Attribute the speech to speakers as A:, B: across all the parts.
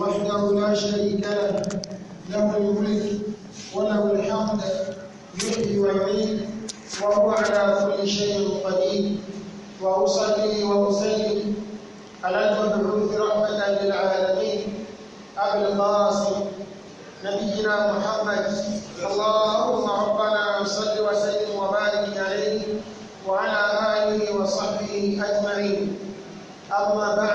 A: وحده لا شريك له له الملك وله الحمد يحيي ويميت وهو على كل شيء قدير واصلي واسلم على المبعوث رحمه للعالمين ابي القاسم نبينا محمد اللهم ربنا صل وسلم وبارك عليه وعلى اله وصحبه اجمعين اما بعد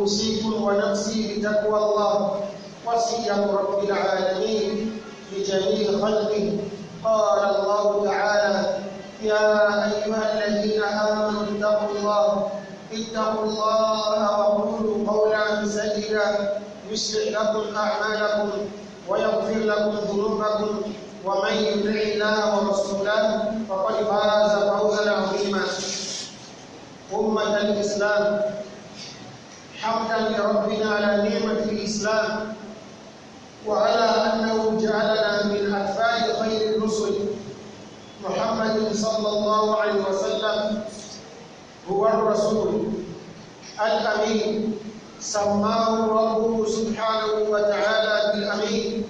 A: أوصيكم ونفسي بتقوى الله وصية رب العالمين لجميع خلقه قال الله تعالى يا أيها الذين آمنوا اتقوا الله اتقوا الله وقولوا قولا سديدا يصلح لكم أعمالكم ويغفر لكم ذنوبكم ومن يطع الله ورسوله فقد فاز فوزا عظيما أمة الإسلام حمدا لربنا على نعمة الإسلام وعلى أنه جعلنا من أتباع خير الرسل محمد صلى الله عليه وسلم هو الرسول الأمين سماه ربه سبحانه وتعالى بالأمين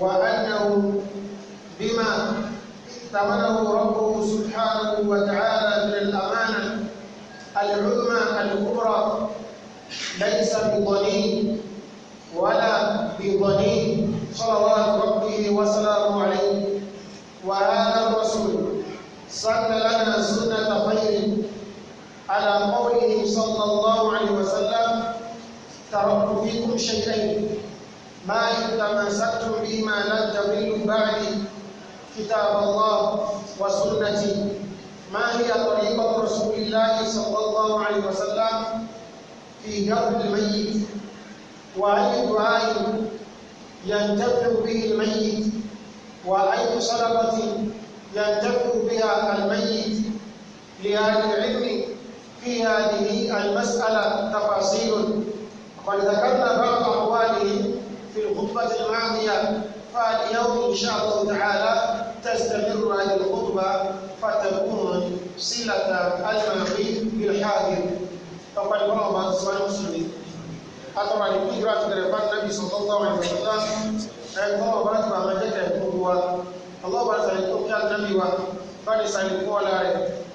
A: وأنه بما ثمنه ربه سبحانه وتعالى من الأمانة العذر ليس بضنين ولا بضنين صلوات ربه وسلامه عليه وهذا الرسول سن لنا سنة خير على قوله صلى الله عليه وسلم تركت فيكم شيئين ما إن تمسكتم بما لن تضلوا بعدي كتاب الله وسنتي ما هي طريقة رسول الله صلى الله عليه وسلم في قبر الميت وأي دعاء ينتفع به الميت وأي صدقة ينتفع بها الميت لأهل العلم في هذه المسألة تفاصيل وقد ذكرنا بعض أقواله في الخطبة الماضية فاليوم إن شاء الله تعالى تستمر هذه الخطبة فتكون صلة المعقيد بالحاضر ọ̀pá ni wọ́n bá ń sọ ayé sùn ní. atọ́ra ní kúndúrà tó tẹ̀lé fún anábì sọ̀tọ́tọ́ àwọn ìgbàlódá ẹ̀gbọ́n ọba tó àwọn ẹ̀jẹ̀kẹ̀ fún wa ọlọ́ọ̀bá sàlẹ̀ tó kí anábì wa bá ní sàlẹ̀ fún ọ̀la rẹ̀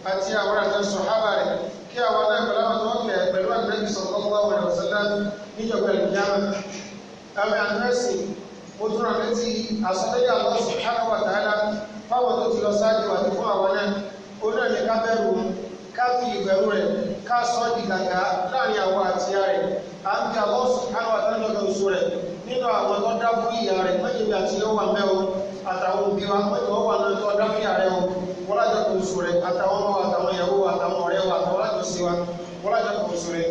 A: àti àwọn àtẹ sọ̀hábà rẹ̀ kí àwọn Allah subhanahu wa ta'ala fáwọn tó ti lọ sáájú àti fún ka fi ìbẹ̀rù rẹ̀ ká sọ di láàrin àwọn àti ìyá rẹ̀ à ń bí Allah subhanahu wa ta'ala oṣù rẹ̀ nínú àwọn tó dá fún ìyá rẹ̀ mọ́jẹ̀bí àti ọwà mẹ́wọ́ àtàwọn òbí wa mọ́jẹ̀ náà tó dá fún ìyá rẹ̀ o wọ́n lájọ kò oṣù rẹ̀ àtàwọn ọmọ àtàwọn ìyàwó àtàwọn ọ̀rẹ́ wa àtàwọn wa wọ́n lájọ kò oṣù rẹ̀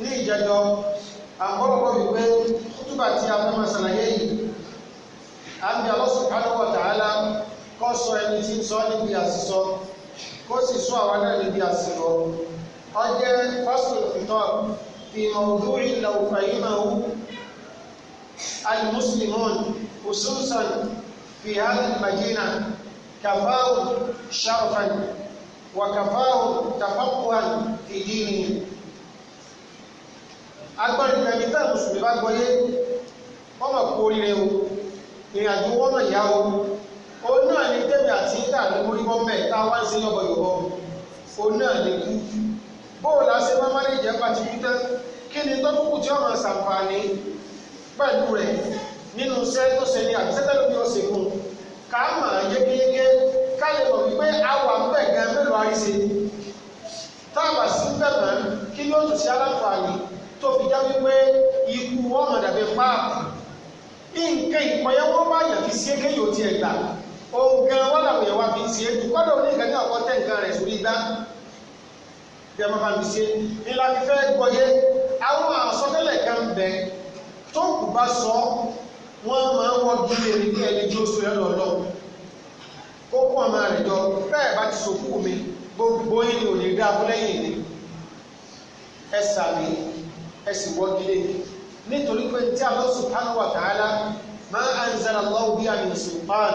A: ní ìjẹjọ àkọ́kọ́ wípé tí a fẹ́ máa ṣàlàyé yìí kó sì sún àwa náà níbi àsìkò ọjẹ́ fásitì fìtọ́ fi mọ̀ọ́dún ìlà òfàyè máa wú al-muslimun khususan fi hàlì madina kàfáwò sharafan wà kàfáwò tafaqquhan fi dínihim agbọ́n ìgbẹ̀mí tẹ́ mùsùlùmí bá gbọ́yé wọ́n mọ̀ kó lé o ìrìnàjò wọ́n mọ̀ yá òun náà ní tẹ́mi àti ìta ní oríkọ́ mẹ́ tá a wá ń ṣe yọ̀bọ̀ yọ̀bọ̀ òun náà ní kú bóòlù àṣẹ máa máa lè jẹ́ pàtí kú tán kí ni tọ́kùkù tí ọmọ ṣàǹfààní pẹ̀lú rẹ̀ nínú iṣẹ́ tó ṣe ní àtisẹ́tẹ́ lómi ọ̀sẹ̀ fún un ká mà á yékéyéké ká lè mọ̀ wípé àwa ń bẹ̀ gan mélòó àríṣe táàbà sí ń bẹ̀ mọ́ kí ló tún ṣe aláǹfààní tó fi já wípé ikú ọmọ dàbí nǹkan ìpọ̀yẹ́wọ́ bá yàn fi ṣe tiẹ̀ gbà ohun gan wọn làwọn èèyàn wa fi ń ṣe é jù kọ́dọ̀ ní ìkànnì ọ̀kọ́ tẹ̀ nǹkan rẹ̀ sórí igbá bí a máa fi ṣe ní láti fẹ́ gbọ́yé àwọn àsọtẹ́lẹ̀ kan bẹ tó kù bá sọ wọ́n máa ń wọ́n bí ẹni bí ẹni tí ó so ẹ lọ́lọ́ ó kún ọmọ rẹ̀ jọ bẹ́ẹ̀ bá ti sòkú mi gbogbo yín ni ò ní dá abúlé yìí ni ẹ sàmì ẹ sì wọ́n kílé nítorí pé tí Allah subhanahu wa ta'ala máa Allah bí àmì sultan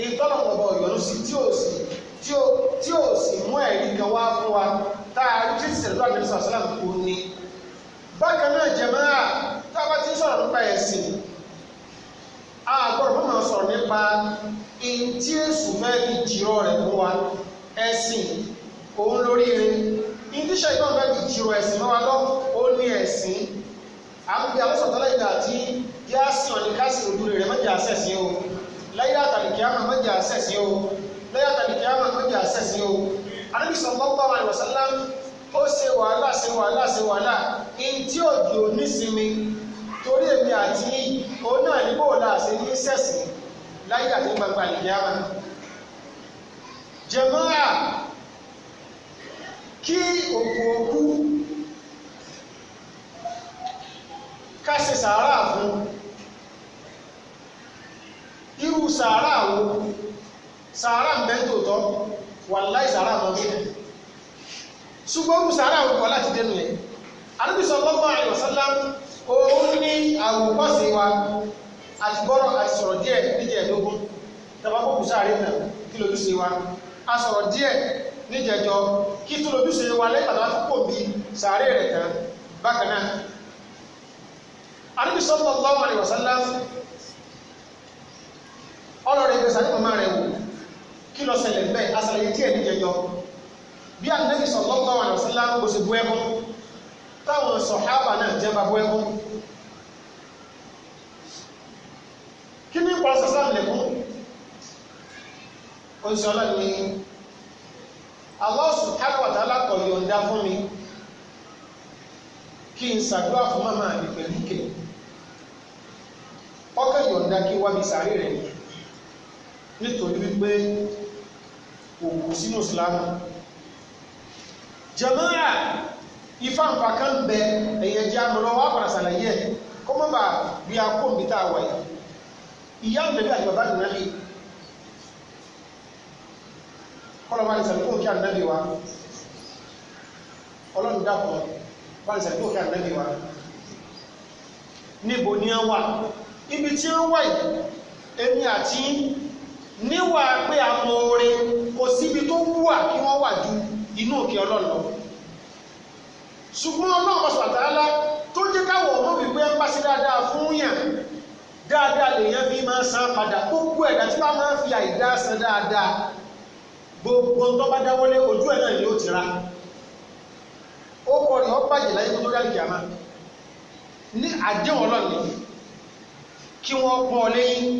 A: èyí tọ́nà ọ̀bọ̀ ìyọ̀nù sí tí ò sí tí ò sì mú ẹ̀rí kan wá fún wa tá a rí tí ìṣẹ̀lẹ̀ lọ́wọ́ àdébísà sálàm kò ní. bákan náà jàmáà tá a bá ti ń sọ̀rọ̀ nípa ẹ̀sìn a gbọ́dọ̀ máa sọ̀rọ̀ nípa ìntí èsù fẹ́ẹ́ fi jìrọ̀ rẹ̀ fún wa ẹ̀sìn òun lórí rẹ̀ ìdíṣẹ́ ìgbọ́n fẹ́ẹ́ fi jìrọ̀ ẹ̀sìn mọ́ wa lọ́ ó ní ẹ̀sìn àbí àwọn sọ̀tọ́lá ìdá jẹ́ àsìn ọ̀nì kásìn ojú rẹ̀ mọ́jà àṣẹ̀sí o lẹ́yìn àtàlìkì àmà mọ́jà àṣẹ̀sí o lẹ́yìn àtàlìkì àmà mọ́jà àṣẹ̀sí o Ànábì sallallahu alaihi wasallam ó ṣe wàhálà ṣe wàhálà ṣe wàhálà in tí òjò nísinmi torí èmi àti yìí òun náà ní bò la ṣe ní sẹ̀sìn láyé àti gbangba àlìkì àmà jẹ̀mọ́ra kí òkú òkú ká ṣe sàárà fún un irú sàárà wo sàárà mẹ́tò tọ́ wàláì sàárà mọ́ bí ṣùgbọ́n irú sàárà wo kọ́ láti dénú yẹn Ànábì sallallahu alaihi wasallam òun ní àwòkọ́sí wa àti bọ́rọ̀ àti sọ̀rọ̀ díẹ̀ níjẹ̀ẹ́dógún tàbákò kù sáré náà kí lójúṣe wa a sọ̀rọ̀ díẹ̀ níjẹ̀jọ kí tó lójúṣe wa lẹ́gbàtà láti pò bí sàárè rẹ̀ tán bákan náà Ànábì sallallahu alaihi ọlọ́rẹ̀ ìgbésà ní màmá rẹ̀ wò kí lọ ṣẹlẹ̀ bẹ́ẹ̀ asàlàyé tí ẹ̀mí jẹjọ bí Ànábì sallallahu alaihi wasallam kò sí bú ẹkún táwọn sọ̀hábà náà jẹ́ bá bú ẹkún kí ní pa sàṣà lẹ̀kún ó ń sọ ọlọ́ni Allah subhanahu wa ta'ala kò yọ̀ǹda fún mi kí n ṣàdúrà fún màmá mi pẹ̀lú ìkẹ́ ọkẹ́ yọ̀ǹda kí wá mi sàárè rẹ̀ nìyẹn nítorí wípé òkú sínú islam jẹmọ́ra ìfàǹfà kan bẹ ẹ̀yẹn jẹ́ àmọ́lọ́ wà padà sàlàyé ẹ̀ kọ́ mọ́ bà bí a kó nbí tá a wà yìí ìyá òbẹ̀bí àti bàbá nìyà lè kọ́lọ́ bá ní sàlùkù òkè ànábì wa ọlọ́run dàpọ̀ bá ní sàlùkù òkè ànábì wa níbo ni a wà ibi tí a wà yìí èmi àti níwà pé àwọn oore kò síbi tó wúwà kí wọ́n wà ju inú òkè ọlọ́run lọ ṣùgbọ́n ọlọ́run ọ̀sàtàlá tó jẹ́ káwọ̀ ọmọ wípé ń bá sí dáadáa fún yàn dáadáa lèèyàn fi máa san padà gbogbo ẹ̀dá tí wọ́n máa ń fi àìdá san dáadáa gbogbo tó bá dáwọ́lé ojú ẹ̀ náà ni ó ti ra ó kọ ni ó bàjẹ́ láyé tó tó dáàbì àmà ní àdéhùn ọlọ́run kí wọ́n pọ̀ lẹ́yìn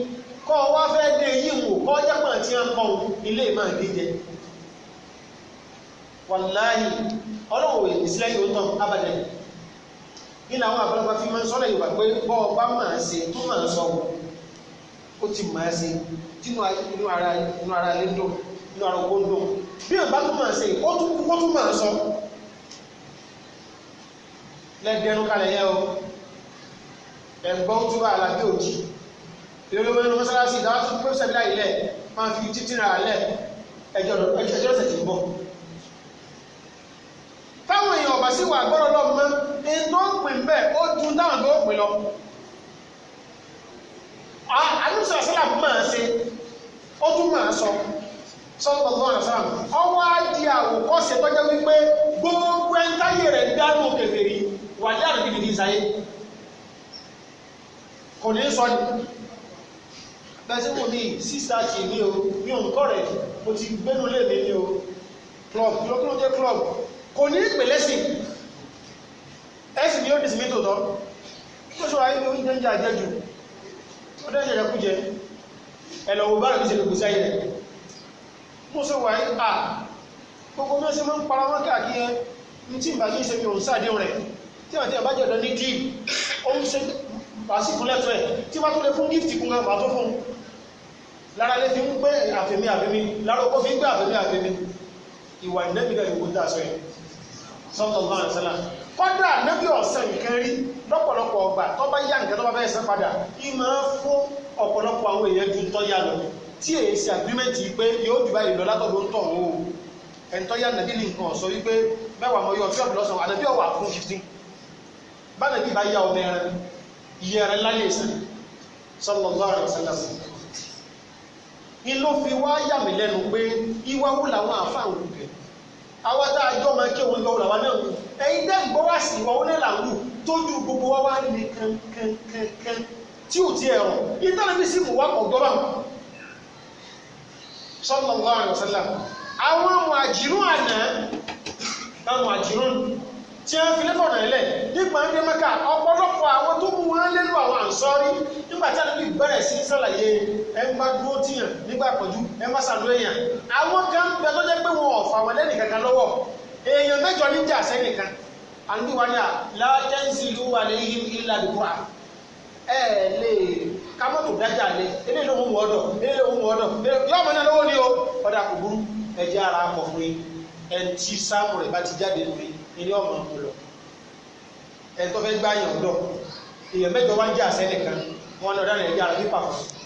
A: kọ́ ọ wá fẹ́ dé yìí wò kọ́ jápọ̀ tí wọ́n kọ́ ilé máa dé jẹ wàláyì ọlọ́wọ̀ ìsílẹ̀ yóò tán abàdẹ̀ nílà àwọn àbúrọ̀bá fi máa ń sọ́lẹ̀ yorùbá pé bọ́ ọba máa ṣe tó máa sọ ó ti máa ṣe tínú ara inú ara lé dùn inú ara oko dùn bí ọba tó máa ṣe ó tún kó tún máa sọ lẹ́gbẹ̀rún kalẹ̀ yẹ o ẹ̀gbọ́n tó bá alábí òjì èrè wọn ní mọ́sálásí ìdáwà tó pé sẹ́bílà ilẹ̀ máa fi títí ra alẹ́ ẹjọ́ ọ̀sẹ̀ tí ń bọ̀. táwọn èèyàn ọ̀bà sí wà gbọ́dọ̀ lọ́gbọ́n ní tó ń pè bẹ́ẹ̀ ó dun táwọn tó ń pè lọ. àlùsọ̀ sálà máa ṣe ó tún máa sọ sọ́kọ̀ lọ́wọ́ àṣà ọwọ́ á di àwòkọ́ṣe tọ́jọ́ wípé gbogbo ẹ̀ńtáyé rẹ̀ dánú kèfèrí wà ní àrùn kìnìkì ìsáyé kò ní sọ ni bẹ́sẹ̀ wò ní sísá tì mí o mi ò ń kọ́ rẹ̀ mo ti gbénu lé mi ní o club kí ló kí ló jẹ́ club kò ní ìpèlẹ́ sí ẹ̀sìn ni ó dì sí mi tòótọ́ tó ṣọ́ra yìí oúnjẹ ń jẹ àjẹjù ó dẹ́ jẹ̀rẹ̀ kú jẹ ẹ̀lọ́wọ̀ bá rẹ̀ bí ṣe lè kú sáyé rẹ̀ mo ṣe wà à gbogbo mẹ́sí máa ń para wọn káàkiri ẹ ní tí ìbàjẹ́ ìṣẹ́mi òun sáàdé rẹ̀ tí àti àbájọ́ ọ̀dọ́ ní díì ó ń ṣe pàṣí ìfúnlẹ̀tọ̀ ẹ̀ tí wá tó lè fún gift kún gan tó fún lára lè fi ń gbé àfẹ́mí àfẹ́mí lára ọkọ̀ fi ń gbé àfẹ́mí àfẹ́mí ìwà ìnẹ́bí náà ìwò dáṣọ ẹ̀ sallallahu alaihi wasallam kọ́dà nẹ́bí ọ̀sẹ̀ nǹkan rí lọ́pọ̀lọpọ̀ ọgbà tó bá yá nǹkan tó bá fẹ́ san padà ì máa fún ọ̀pọ̀lọpọ̀ àwọn èèyàn ju tọ́ yá lọ tí èyí ṣe agreement pé yóò jù báyìí látọ̀dọ̀ ń tọ̀ ọ́ ẹ̀ńtọ́ yá nàbí ní nǹkan sọ wípé mẹ́wàá mọ́ yọ ọ̀fíọ̀bù lọ́sàn-án àdàbí ọ̀wà fún fifteen bá nàbí bá yá ọmọ ẹran yẹrẹ láyé sàn sallallahu alaihi wasallam inú fi wá yà mí lẹ́nu pé iwáwó làwọn àfáà ń wù kẹ́ àwọn tá a jọ máa kí òun lọ́wọ́ làwọn náà wù ẹ̀yin dẹ́ gbọ́ wá sí ìwáwó náà là ń wù tójú gbogbo wa wá ní kankankankan tí ò ti ẹ̀rọ ìtàlẹ́bí sì mú wá kọ̀ gbọ́dọ̀ sallallahu alaihi wasallam àjìrún àná tí wọ́n fi lẹ́fọ̀nà ilẹ̀ nígbà ń dé mẹ́ka ọ̀pọ̀lọpọ̀ àwọn tó mú wọn lẹ́nu àwọn àǹsọ́rí nígbà tí àdúgbò bẹ̀rẹ̀ sí sàlàyé ẹ má dúró tìyàn nígbà pẹ̀jú ẹ má sàdúró èèyàn àwọn kan bẹ tó jẹ́ pé wọn ò fà wọn lẹ́nì kankan lọ́wọ́ èèyàn mẹ́jọ ní jà sẹ́nì kan àdúgbò ni à látẹ́ǹsì ìlú wà ní ihim ilà àdúgbò à ẹ lè kámọ́tò dájà lé eléyìí ló ń wọ ọdọ eléyìí ló ń wọ ọdọ yọọmọ náà lọ́wọ́ ni o ọ̀dà kò burú ẹ̀jẹ̀ ara kọ̀ fún yín ẹ̀ ti sáàmù rẹ̀ bá ilé ọmọ ọmọ lọ ẹ tó fẹ́ gbá yàn ọ̀dọ̀ èèyàn mẹ́jọ wá ń jẹ́ àṣẹ nìkan wọn ní ọ̀dá nàìjíríà rẹ̀ pípa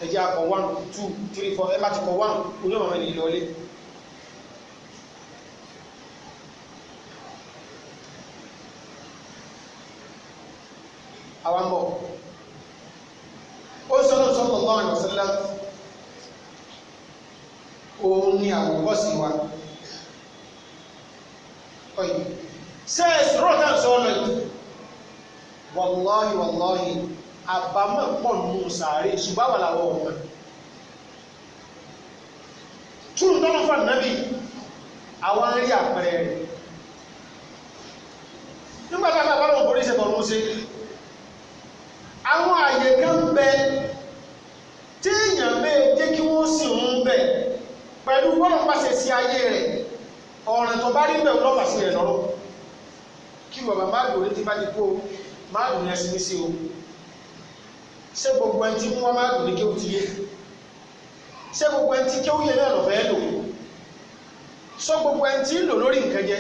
A: ẹ̀jẹ̀ akọ̀ one two three four ẹ bá ti kọ̀ one onímọ̀ ẹni lọlé. àwọn bọ̀ ó sọ́nà sọ́nà lọ́wọ́ àyọ̀sẹ́lá òun ni àwòkọ́sí wa. Thank you. Says rotten rọ̀ Wallahi, wallahi, lọ yìí wàláhì wàláhì àbámọ̀ pọ̀ nù sàárè ṣùgbọ́n wà láwọ̀ ọ̀mọ̀ túrù tọ́nà fún ànábì àwọn arí àpẹẹrẹ rẹ̀ nígbà tá a bá bá lọ́wọ́ borí ìṣẹ̀tọ̀ ló ń ṣe àwọn àyè kan bẹ téèyàn bẹ́ẹ̀ jẹ́ kí wọ́n sì ń bẹ̀ pẹ̀lú wọ́n lọ́pàá sí ayé rẹ̀ ọ̀ràn tó bá rí bẹ̀ lọ́pàá sí rẹ̀ lọ́rùn kí bàbá máàlù ní ti bá ti kú o máàlù ní ẹsìn sí o ṣé gbogbo ẹni tí mú wọn máàlù ní kí o ti yé ṣé gbogbo ẹni tí kí o yẹ náà lọ́fẹ́ lò ṣé gbogbo ẹni tí ń lò lórí nǹkan jẹ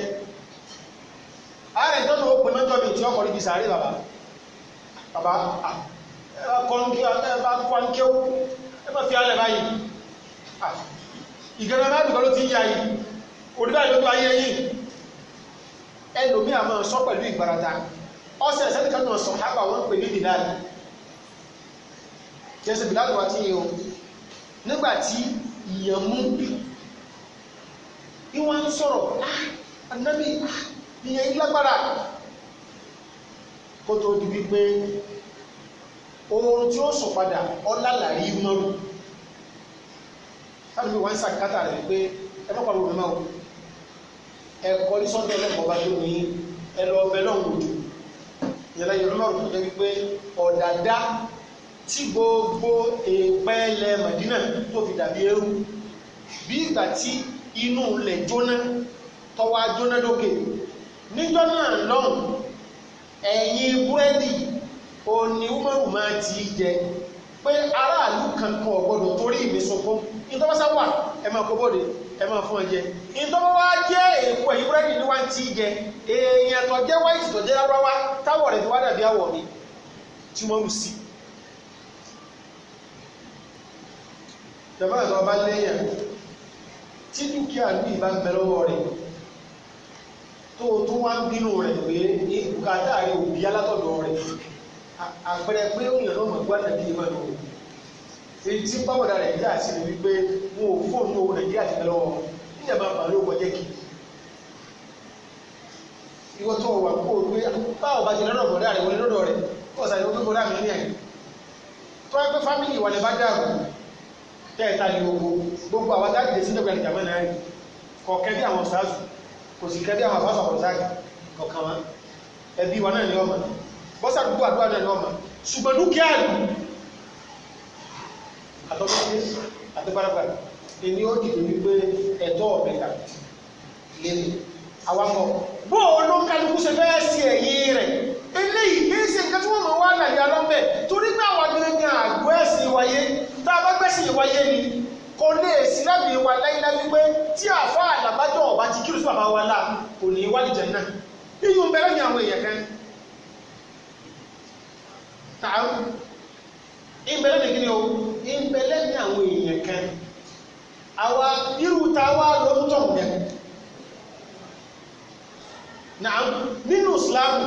A: ààrẹ tó lọ́wọ́ pé lọ́jọ́ mi tí ọkọ̀ níbi sàárè bàbá bàbá kọ́ńkí ẹ bá kọ́ ní kéwú ẹ bá fi alẹ́ báyìí ìgbẹ́rẹ́ máàlù kan ló ti ń yá yìí òdìbà yóò tó ayé yìí ẹlòmí àmọ́ sọ pẹ̀lú ìgbarata ọsẹ ẹsẹnìkan náà sọ hábà wọn pè ní Bilal jẹsẹ Bilal wà tí yẹn o nígbà tí ìyẹn mú ìwọ̀n ń sọ̀rọ̀ ah, ànábì ah, ìyẹn lágbára kó tó di wípé oorun tí ó sùn padà ọlálàrí mọ́rù sábà wọ́n ń sàkátà rẹ̀ pé ẹ má pariwo mẹ́mọ́ o ẹ kọrí sọ́dọ̀ ọlọ́pàá ọba tó ní ẹ lọ ọbẹ̀ náà wò jù ìyẹn lẹ́yìn ọlọ́run tó jẹ́ wípé ọ̀dàdá tí gbogbo èèpẹ̀ ilẹ̀ Mẹ̀dínà tó fi dàbí eérú bí ìgbà tí inú ilẹ̀ jóná tọ́wọ́ jóná lókè níjọ́ náà lọ́hùn ẹ̀yìn búrẹ́dì òní Umaru máa ti jẹ pé aráàlú kankan ọ̀gbọ́dọ̀ torí ìmísọ̀kọ́ nítorí wọ́n sá wà ẹ̀ máa kó bọ́dẹ̀ ẹ máa fún ọ jẹ ìtọ́wọ́ wá jẹ́ èkó ẹ̀yìn búrẹ́dì ní wá ń tí jẹ èèyàn tó jẹ́ wáìtì tó jẹ́ lárúbáwá táwọ̀ rẹ̀ fi wá dàbí àwọ̀ mi tí wọ́n rù sí. ìjọba àti ọba lẹ́yìn tí dúkìá ní ìbá ń bẹ lọ́wọ́ rẹ̀ tó o tún wá ń bínú rẹ̀ pé ìbùkátà rẹ̀ òbí alátọ̀dọ̀ rẹ̀ àpẹẹrẹ pé òun yàn náà mọ̀ gbọ́dọ̀ bí ìmọ̀ náà èyí tí pápọ̀dà nàìjíríà sì ní wípé wọn ò fóònù owó nàìjíríà ti lọ níjàmbá àpàlẹ òkò jẹ́ kí ìwọ tó wà kó o gbé báwo bá ti lọ́dọ̀ bọ̀dá rẹ̀ wọlé lọ́dọ̀ rẹ̀ kó o sàlẹ̀ ó gbé bọ̀dá mi ní ẹ̀yìn tó wá pé fámìlì ìwà lè bá dàrú tẹ́ẹ̀ta ní oko gbogbo àwọn táàgì lè síndọ̀gbà ní jàmánà rẹ̀ kọ̀ kẹ́bí àwọn sáàsù kò sì kẹ́bí àwọn àfáàsù àwọn sáàgì kọ̀ọ̀kan wa ẹbí wa náà ní ọmọ bọ́sà gbogbo àdúrà náà ní ọmọ àtọ́kùnrin àtọ́gbàlagbà èmi ó dìbò wípé ẹ̀tọ́ ọ̀bẹ kà lèmi àwakọ̀ bó o ló kálukú ṣe fẹ́ẹ́ sí ẹ̀yìn rẹ̀ eléyìí kì í ṣe nǹkan tí wọ́n máa wá láyé alọ́bẹ̀ torí pé àwọn agbẹ̀rẹ̀gbẹ̀ àgọ́ ẹ̀sìn wáyé tá a bá gbẹ̀sìn wáyé ni kò lè sí lábì wa láyélájú pé tí àfa àlàbájọ ọba ti kírù sí bàbá wa la kò ní í wálé jẹ náà iyùn bẹ̀rẹ̀ ni àwọn èèyàn kan tààrù ìbẹ̀rẹ̀ nìkíni o ń bẹ lẹ́mí àwọn èèyàn kan àwa irú ta wá ló ń tọ̀ mẹ́ náà nínú ìsìláàmù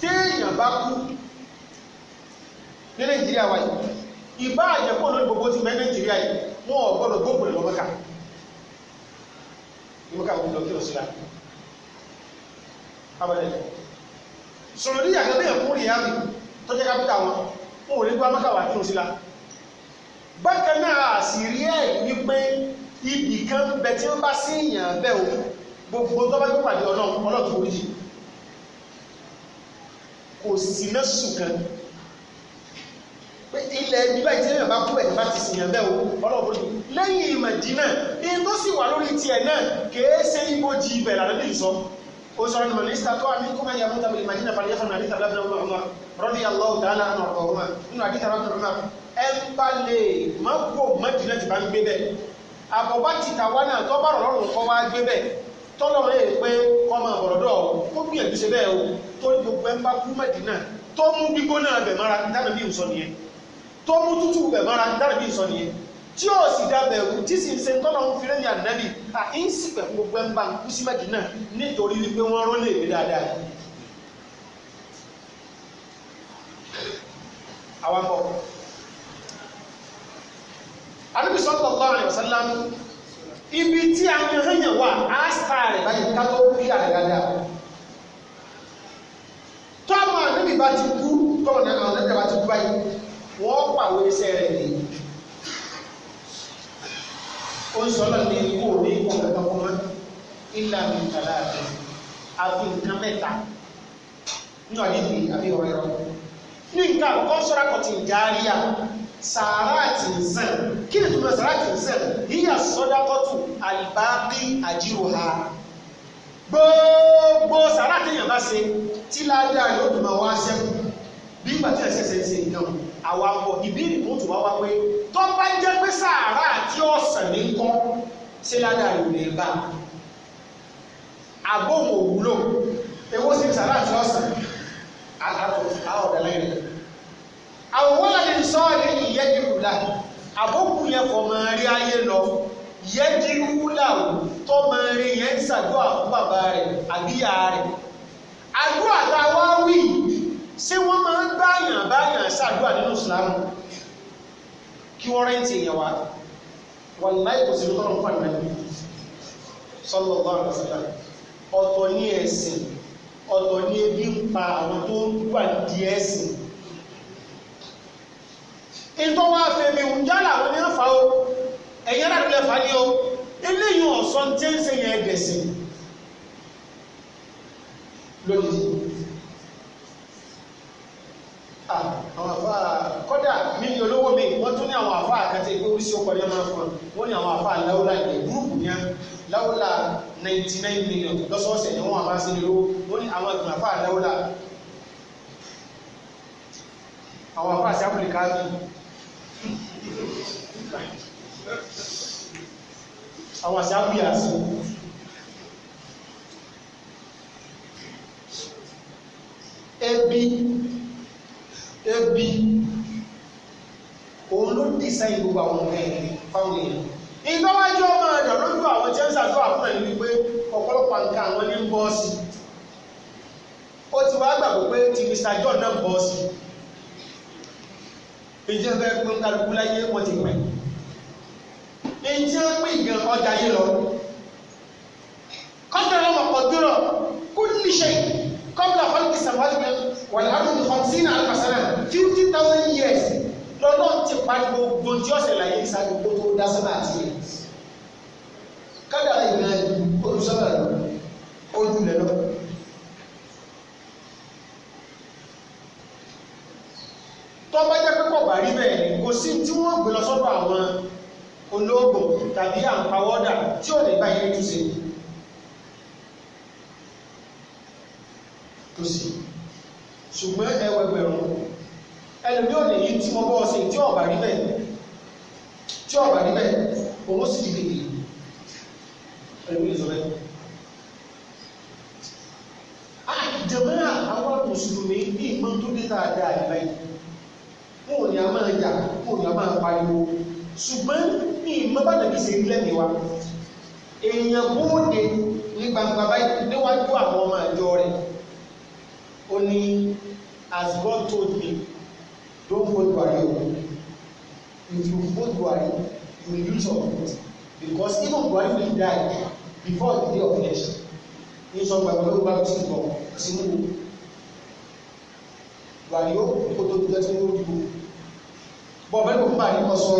A: téèyàn bá kú ní nàìjíríà wáyé ìbá àjẹpọ̀ lórí gbogbo ti mẹ́ nàìjíríà yìí wọ́n ò gbọ́dọ̀ gbogbo rẹ̀ lọ́mọ́ká lọ́mọ́ká gbogbo lọ́kí òsìlá abẹ́lẹ̀ sọ̀rọ̀ ní àgbẹ̀lẹ̀ ẹ̀kún rí àmì tọ́jẹ́ kápítà wọn wọn ò lè gbọ́ amọ́ká wà ní bákan náà àṣírí ẹ̀ wípé ibì kan bẹ tí wọ́n bá sí èèyàn bẹ́ẹ̀ o gbogbo tó bá gbé pàdé ọlọ́run ọlọ́run oríjì kò sí náà sùkàn pé ilẹ̀ bíbá ìdílé yàrá kú ẹ̀ bá ti sìyàn bẹ́ẹ̀ o ọlọ́run oríjì lẹ́yìn Mẹdínà èyí tó sì wà lórí tiẹ̀ náà kèé ṣe ibojì ibẹ̀ lànà ìsọ. وسرن من استطاع منكم ان يموت بالمدينه فليفعل حديث ابن عمر رضي الله تعالى عنه وارضاهما من حديث ابن عمر ان بالي ما كو مدينه tí bá ń gbé bẹ́ẹ̀ àbọ̀bá ti tàwa náà tó bá rọrùn kọ́ wá gbé bẹ́ẹ̀ tọ́lọ̀ rẹ̀ pé kọ́ máa bọ̀rọ̀ dọ̀ kó gbìyànjú ṣe bẹ́ẹ̀ o tó ní gbogbo ẹ̀ ń bá kú mẹ́dínà tó mú gbígbóná bẹ̀ mọ́ra dáná bí ìsọ nìyẹn tó mú tútù bẹ̀ mọ́ra dáná bí ìsọ nìyẹn tí ó sì dábẹ̀ ẹ̀rù tí sì ń ṣe tọ́nà ń fi lẹ́yìn ànábì à ń sì pẹ̀ fún gbogbo ẹ̀ ń bá ń kú sí mẹ́dínà nítorí wípé wọ́n rọ́ lè rí dáadáa. àwọn bọ̀ àdúgbò sọ́tọ̀ lọ́rùn ẹ̀ ọ̀sán lánàá ibi tí àwọn èèyàn wà á sá rẹ̀ báyìí ká tó kú yàrá dáadáa. tọ́mọ ànábì bá ti kú tọ́mọ ànábì bá ti kú báyìí wọ́n pàwé iṣẹ́ rẹ̀ nìyí ó sọ lọ ní kó o ní kó kankan fún wa ilà mi kàlà àti àfi nǹkan mẹ́ta nínú àdìsí àbí ọ̀rọ̀ ẹ̀rọ ní nǹkan kọ́ sọ́ra kò tí ń járíà sàárà tí ń sàn kí ni tùmọ̀ sàárà tí ń sàn yíyà sọ́dákọ́tù àlìbáàbí àjíwòhá gbogbo sàárà tí èèyàn bá ṣe tí ládàá yóò dùn máa wá sẹ́kù bí ìgbà tí ẹ̀sẹ̀ ṣe ń àwapọ̀ ìbéèrè mú tó wá wá pé tó bá jẹ́ pé sàárà àti ọ̀sán ní kán ṣé ládàá ló lè bá àgbóhùn òwúlò ewó sí sàárà àti ọ̀sán àtọ̀dálẹ́rẹ̀ àwọn ọ̀lẹ́ni sọ́ọ̀lẹ́ ìyẹ́dìrúlà àbókù yẹn kọ̀ máa rí ayé lọ yẹ́dìrúlà tó máa rí yẹn ń ṣàdúrà fún bàbá rẹ̀ àbíyá rẹ̀ àdúrà táwa wí ṣé wọ́n máa ń báyàn báyàn ṣàdúrà nínú ìsìlámù kí wọ́n rẹ́ǹtì èèyàn wa wọ́n láì kò sí lọ́tọ́ lọ́pàá nínú ẹ̀mí sọ́lọ́ bá ọ̀rọ̀ sílá ọ̀tọ̀ ní ẹ̀sìn ọ̀tọ̀ ní ebi ń pa àwọn tó wà di ẹ̀sìn ìtọ́ wá fèmí ìjálà àwọn ní àfà ó ẹ̀yẹ́ láti fà ní ó eléyìí ọ̀sán tí ń ṣe yẹn ẹ̀dẹ̀sìn lónìí àwọn àfa kọ́dà mi ní olówó mi wọ́n tún ní àwọn àfa àkàtà ìpé oríṣi ọkọ̀ ní ọmọ fún wọn ní àwọn àfa láwùlà ilẹ̀ gúrúùpù ní láwùlà ninety nine million lọ́sọ̀ọ̀sẹ̀ ni wọ́n àbá sí ní olówó wọ́n ní àwọn ìgbìmọ̀ àfa láwùlà àwọn àfa àti áfíríkà bí àwọn àti áfíríkà sí. ebi ebi òun ló dìsáyìn gbogbo àwọn ọmọ ẹ̀yìn fáwọn èèyàn ìgbọ́wájú ọmọ ẹ̀dọ̀ lójú àwọn tí ó ń ṣàdúrà wípé ọ̀pọ̀lọpọ̀ nǹkan àwọn ní ń bọ́ sí ó ti wá gbàgbọ́ pé ti Mr John náà bọ́ sí ìjẹ́ fẹ́ pé kálukú láyé wọ́n ti pẹ́ ìjẹ́ pé ọjà yìí lọ kọ́ńtà níṣẹ́ yìí. قبل خلق السماوات والارض بخمسين الف سنه fifty thousand years lọ́nà ti parí gbogbo tí ọ̀sẹ̀ láyé ìsàlẹ̀ kó tó dá sọ́nà àti yẹn kádàrá ìgbà olùsọ́nà lọ ojú lẹ lọ. tọ́ba jẹ́ pé kọ̀ọ̀bà rí bẹ́ẹ̀ ni kò sí tí wọ́n gbé lọ sọ́dọ̀ àwọn olóògùn tàbí àǹpawọ́dà tí ò ní bá yẹn túnṣe. tó sí ṣùgbọ́n ẹwẹgbẹ̀rún ẹlòmí ò nìyí tí mo bọ́ ọ̀sẹ̀ tí ọ̀bà rí bẹ́ẹ̀ tí ọ̀bà rí bẹ́ẹ̀ òun sì di gbègbè ẹlòmí lè sọ bẹ́ẹ̀. àjẹmọ́ àwọn mùsùlùmí ní ìmọ̀ tó dé dáadáa ìgbà yìí wọn ò ní a máa jà wọn ò ní a máa pariwo ṣùgbọ́n ní ìmọ̀ bá dàbí ṣe rí lẹ́mìí wa èèyàn bóde ní gbangba báyìí níwájú àwọn ọmọ àjọ rẹ̀ ó ní as God told me don't vote Buhari o if you vote Buhari you will lose your vote because even Buhari will die before the day of election in some gbàgbọ́ ló gbàgbọ́ sí ìbọn sínú Buhari ó kó tó dúdú ẹtí lórí ìbò bọ́ọ̀ bẹ́ẹ̀ ló fún Buhari kọ́ sọ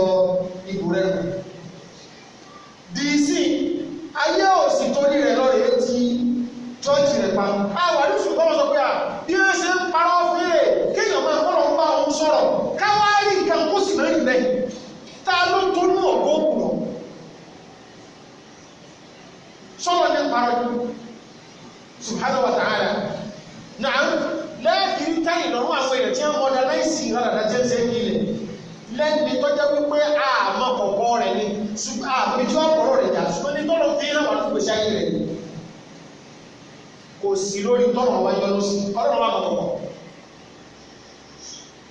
A: ìbò rẹ̀ nù dc ayé òsì torí rẹ̀ lọ́rẹ̀ẹ́ ti chọ́ọ̀chì rẹ̀ pa áwọ̀. parọ́ ju subhanahu wa ta'ala náà lẹ́ẹ̀kì táyì lọ́rùn àwọn èèyàn tí wọ́n modernize ìrọ̀lẹ́dá jẹ́ ṣe nílẹ̀ lẹ́ni tó jẹ́ wípé àmọ́ kọ̀ọ̀kọ́ rẹ̀ ni àmì tí wọ́n kọ̀ọ̀rọ̀ rẹ̀ jà ṣùgbọ́n ní tọ́lọ̀ fi hàn wà ní gbèsè ayé rẹ̀ kò sí lórí tọ́lọ̀ wá yọ lọ́sí ọlọ́run wà kọ̀ọ̀kọ̀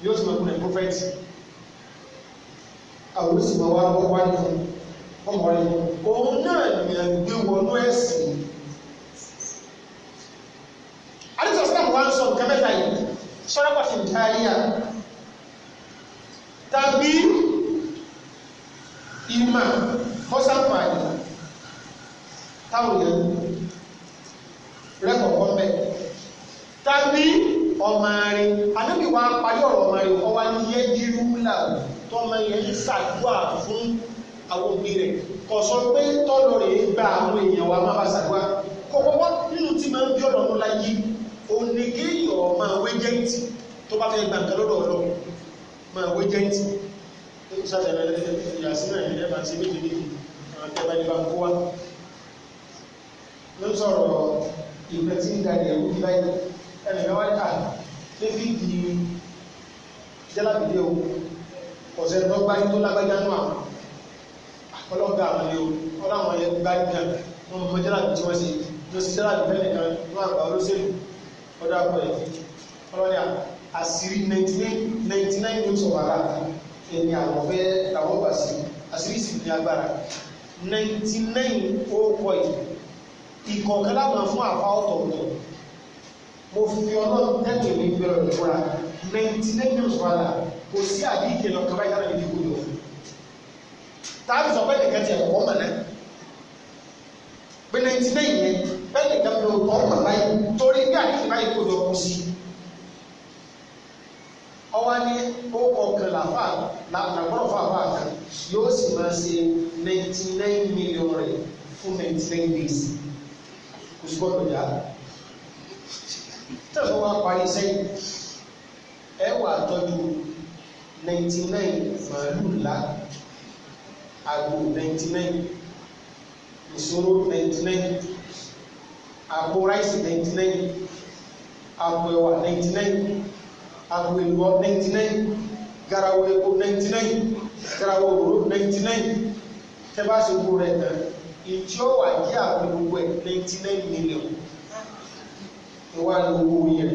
A: yóò ti mọ̀ kúrẹ̀ prophet àwọn olùsìnmọ̀ wa wọ́n wá nìyẹn ọmọrin òun náà yẹn gbé wọnú ẹ̀sìn alisa sinam wa sọ nǹkan mẹ́ta yìí sọlọpọ fi dáríà tàbí ìmà mọsánfààní táwọn yẹn rẹkọọkọ mẹ tàbí ọmọrin anábìwá parí ọ̀rọ̀ ọmọrin kọ wá ní yẹjírú ńlá tó ọmọ yẹn ń ṣàdúrà fún àwọn òbí rẹ̀ kò sọ pé tọ́lọ rẹ̀ gba àwọn èèyàn wa máa bá ṣàdúrà kọ̀kọ́ wọ́n nínú tí máa ń bí ọ̀nà ọ̀nà láyé òní kéèyàn máa wé jẹ́ǹtì tó bá fẹ́ gba nǹkan lọ́dọ̀ ọ̀lọ́ máa wé jẹ́ǹtì sọ̀rọ̀ ìgbẹ́ tí ń darí ẹ̀wù báyìí ẹnìkan wáyé kà fífi di jẹ́lábìdé o ọ̀sẹ̀ tó gbáyé tó lágbájá náà ọlọ́gá àwọn ilé o ọlọ́wọ́n yẹn gbájúmọ́ wọn mọ jẹ́rà tí wọ́n ṣe ló sì jẹ́rà tó fẹ́ẹ́ nìkan wọn àgbà olóṣèlú ọdọ àpẹẹrẹ ọlọ́ni àṣírí ninety nine news of ara ẹni àwọn fẹ́ làwọn gbà sí àṣírí sì ní agbára ninety nine oh point ìkọ̀ọ̀kan láwọn fún àfa ọ̀tọ̀ọ̀tọ̀ mo fi ọlọ́run tẹ́tù mi bẹ̀rẹ̀ ìfura ninety nine news of ara kò sí àdíkè lọ́kàn báyìí kára ìdíkò lọ táàbì sọ pé nìkan ti ẹ̀kọ́ mọ̀ náà pé náà ti náà yẹn bẹ́ẹ̀ nìkan ló tọ́ ọmọ báyìí torí bí àdéhùn báyìí kò lọ kú sí ọwọ́ ní ókọ̀ kan làfà làgbọ́dọ̀ fà fà kan yóò sì máa ṣe ninety nine million rẹ̀ fún ninety nine days kò sí gbọ́dọ̀ yá tẹ̀sán wa parí sẹ́yìn ẹ wà tọ́jú ninety nine màálù ńlá àgbo ninety nine ìṣòro ninety nine àpò ráìsì ninety nine àpò ẹ̀wà ninety nine àpò èlùbọ́ ninety nine garawo epo ninety nine garawo òróró ninety nine tẹ́ bá ṣe gbó rẹ̀ tán ìtí ó wà jẹ́ àpò gbogbo ẹ̀ ninety nine million ìwà ni owó yẹn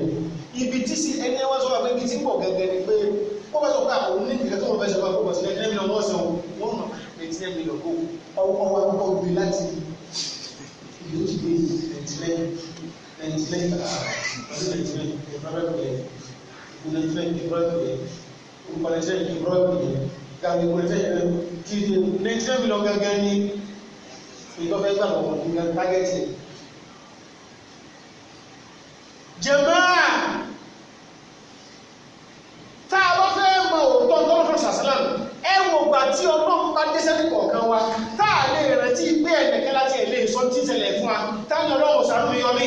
A: ibi tí sí ẹni ẹwà sọ́wọ́ pé ibi tí ń bọ̀ gẹ́gẹ́ ni pé wọ́n bá sọ pé àwọn onídìrí tó ń fẹ́ sọ́wọ́ pé wọ́n sì ní ẹni ẹni ọmọ ọ̀sán wọn mọ̀ twenty nine million kó ọwọ́ ọwọ́ ẹ̀kọ́ gbé láti ìlú ti gbé nàìjíríà nàìjíríà pẹ̀lú nàìjíríà ìbúrọ́dù yẹn nàìjíríà ìbúrọ́dù yẹn olùkọ́lẹ́sẹ̀ ìbúrọ́dù yẹn gàmì ìbúrọ́dù yẹn kí ni nàìjíríà million gángan ní ìtọ́fẹ́ gbàgbọ́ ìgbà tágẹ́tì. jẹ̀máà tá a bá fẹ́ mọ òótọ́ tó ń fọ́ sàṣà ìgbà tí ọlọ́run bá dé sẹ́ni kọ̀ọ̀kan wa tá a lè rántí pé ẹ̀ẹ̀kẹ́ láti ẹ̀lẹ́ sọ tí ìṣẹ̀lẹ̀ fún wa táwọn ọlọ́run sàánú yọ mí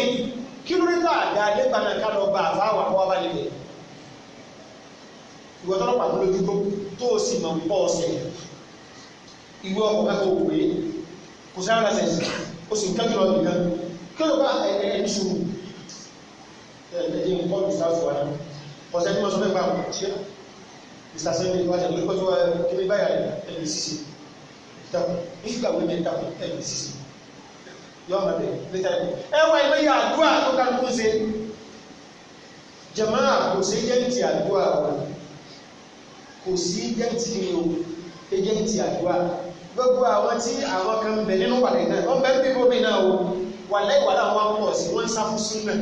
A: kí ló dé tá a dá lé gbaná ká lọ gba àbá wà wá balẹ̀ bẹ̀. ìwọ tọ́lọ́ pàtó lójú tó tó o sì mọ̀ pọ̀ ọ̀sẹ̀ ìwọ ọkọ̀ ká tó wé kò sáré lásẹ̀ o sì kẹ́kẹ́ lọ nìkan kí ló bá ẹ̀ ẹ̀ ṣùgbọ́n ẹ̀ ẹ̀ ìsàsẹ́yìn ní ìwájà lórí kọjú kébé báyà ẹ̀mí sísè ìtàkùn nígbàwé ní ìtàkùn ẹ̀mí sísè yọ ọmọ bẹ létà ẹ ẹwà ìwé yà àdúrà tó ká ló ń ṣe jẹmọ́nà kò sí ẹjẹ́ǹtì àdúrà o kò sí ẹjẹ́ǹtì ni o ẹjẹ́ǹtì àdúrà gbogbo àwọn tí àwọn kan bẹ nínú wàlẹ̀ náà wọ́n bẹ ń bí bómi náà o wàlẹ̀ ìwàlẹ̀ àwọn akọ̀ sí wọ́n ń sá fún súnmẹ̀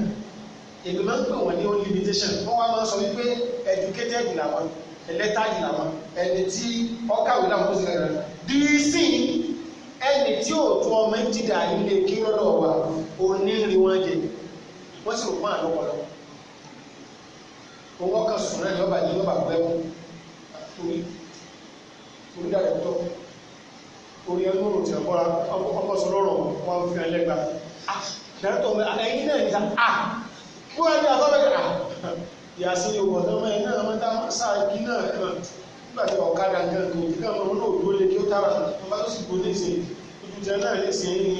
A: èmi máa ń pè wọ́n ní own limitation wọ́n wá máa ń sọ wípé educated làwọn ẹlẹ́tà yìí làwọn ẹni tí ọkàwé làwọn kó sí rẹ̀ di sí ẹni tí ò tún ọmọ ń jìdá ilé kí lọ́dọ̀ wa onírin wọn jẹ wọ́n sì rò fún àlọ́pọ̀lọ́ owó kan sùn náà ni ọba yìí ọba gbẹ́wọ́ torí torí dàgbà tó orí ẹnu rò tí ọkọ ọkọ sọ lọ́rọ̀ wọn fi ẹlẹ́gbàá ah dàrẹ́tọ̀ ẹ̀yin náà ní sá ah wọ́n á ní àtọ́bẹ̀kà ah yàtí ìwọ̀n náà mọ̀ ẹ̀ náà mọ̀ tá a sá igi náà ẹ̀ mọ̀ nígbà tí ọ̀kadà gan tó igi náà mọ̀ náà dúró lé kí ó tára wọn bá tó sì gbóni ṣe ojú jẹ náà lè ṣe ní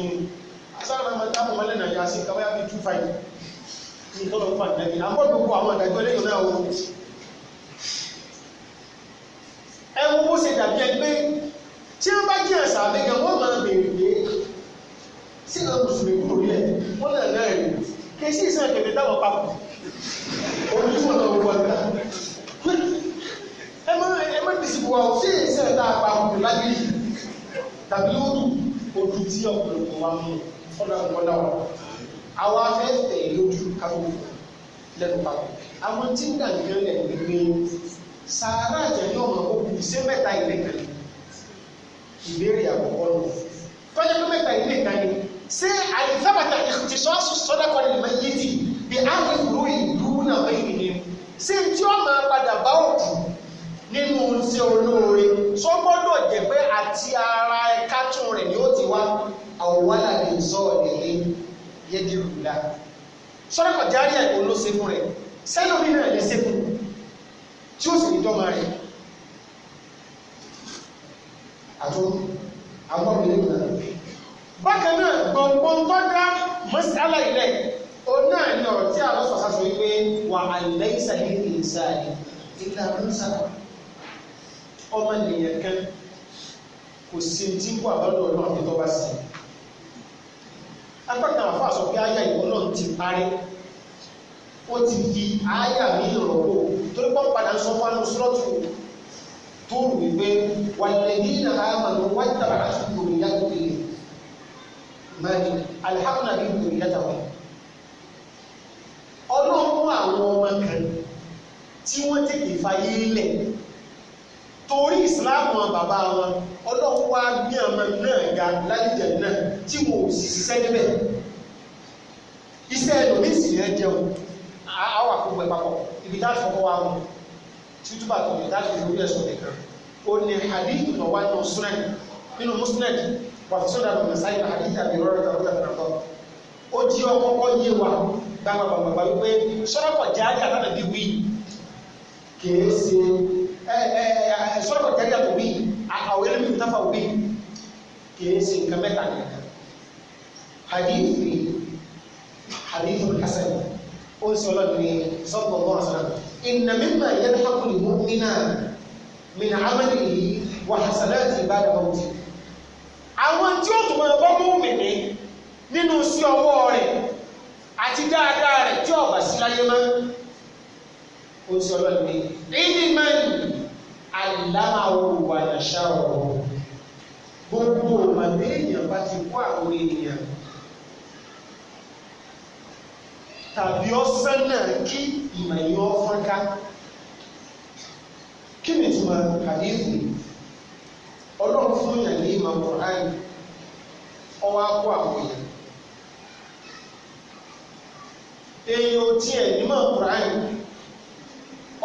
A: asára mọ̀ tá a mọ̀ lẹ́nà yàtí kàwé àbí two five ní tọ́lọ̀ fún àdàgbé àpọ̀ gbogbo àwọn àdàgbé lẹ́yìn náà wọ. ẹ wo bó ṣe dàbí ẹgbẹ́ tí wọ́n bá jí àṣà àbí wọ́n máa béèrè pé sí ojú ọ̀nà òwò ọ̀nà ẹ má ẹ má bìsí wa ọ ṣé èsì ẹ̀ dáa pa ọkùnrin lágbè yìí tàbí lóòdù ojú tí ọ̀pọ̀lọpọ̀ wa mú ọ̀nà ọ̀gbọ́n wa àwa fẹ́ tẹ̀ lójú káwọn lẹ́nu papọ̀ àwọn tí ń dà nìkan lẹ̀ gbẹgbẹ́ sàárà àjẹyọ̀ ọmọ òkú ṣé mẹ́ta ilé kan ìbéèrè àkọ́kọ́ lọ tọ́jú pé mẹ́ta ilé kan ni ṣé àyè sábàtà ìtìsọ́sọ́ sọ́dọ̀kọ́ ni mẹ́yìí bí àmì ìlú ìlú náà bẹ́ẹ̀ ni ṣé tí ó máa padà bá òkú nínú ṣe olóore sọ gbọ́dọ̀ jẹ́ pé àti ara ẹ̀ka tún rẹ̀ ni ó ti wá àwòwálà lè sọ ẹ̀lẹ́ yẹ́dìrúlá sọ́dọ̀kọ̀ járí àìkò ló ṣe fún rẹ̀ sẹ́lómi náà lè ṣe fún tí ó sì ní dọ́mà rẹ̀ àtó àwọn obìnrin náà bákan náà gbọ̀ngbọ̀n tó dá mọ́sálà ilẹ̀ oná ni ọ̀rọ̀ tí a lọ sọ̀sá sọ wípé wà àlẹ́ ìsàlẹ̀ ìsàlẹ̀ ìlà rúnsàlà ọmọ nìyẹn kan kò sí tí kò àbálòdò náà fi tọ́ba sí i. apákan àfa sọ pé àyà ìwọ náà ti parí wọ́n ti fi àyà mi rọ̀gbò torí pọ́n padà ń sọ fún anú sọ́ọ̀tù tó rù wípé wà lẹ́yìn ìlànà àmàlù wájú tàbí àtúntò ìyá tó kéde. mẹ́rin alihamdulilayi ìdòwìyá tàwọn ọlọ́run àwọn ọmọ kan tí wọ́n tètè fàyè lẹ̀ torí ìsìláàmù àwọn bàbá wọn ọlọ́run wá gbé ọmọ náà ga lálẹ́jẹ̀ náà tí wọn ò sì ṣiṣẹ́ níbẹ̀ iṣẹ́ ẹlòmíì sì yẹn jẹun àwọn àkókò ẹ̀ papọ̀ ibi tá a fọwọ́ wa mú tútúbà tó yẹ láti lórí ẹ̀sùn nìkan ó ní hadith náà wá nínú sunan nínú musnad wà fún sọ́dà àbùnà sáyẹn hadith àbí rọ́rọ́ tàbí tàbí nàkọ́ ó jí ọkọ́kọ́ yé wa gbàgbàgbàgbà wípé sọ́dọ̀kọ̀ jáde àtàlẹ́ bí wí kìí ṣe sọ́dọ̀kọ̀ jáde àtàlẹ́ wí àwọn ẹlẹ́mìí táfà wí kìí ṣe nǹkan mẹ́ta nìkan hadithi hadithi hasan ó ń sọ lọ́dún ní sọ́dọ̀kọ̀ bọ́ọ̀ sọ́dọ̀ inna mimma yadhaqu al-mu'mina min 'amalihi wa hasanati ba'da mawtihi àwọn tí ó tún bọ́ mú mi nínú sí ọwọ́ rẹ̀ àti dáadáa rẹ̀ tí ọ̀bà sí láyé mọ́ ó sì ọlọ́run ní ẹni mẹ́rin àlámàwò wà nàṣà ọ̀rọ̀ gbogbo màmí èèyàn bá ti kó àwọn èèyàn tàbí ọ̀sán náà kí ìmọ̀yìn ọ̀fọ́n ká kí ni ìtumọ̀ àdéhùn ọlọ́run fún yàn ní ìmọ̀ kọ̀ọ̀án ọwọ́ á kó àwọn èèyàn. èyí ò tiẹ̀ nímọ̀ kúránì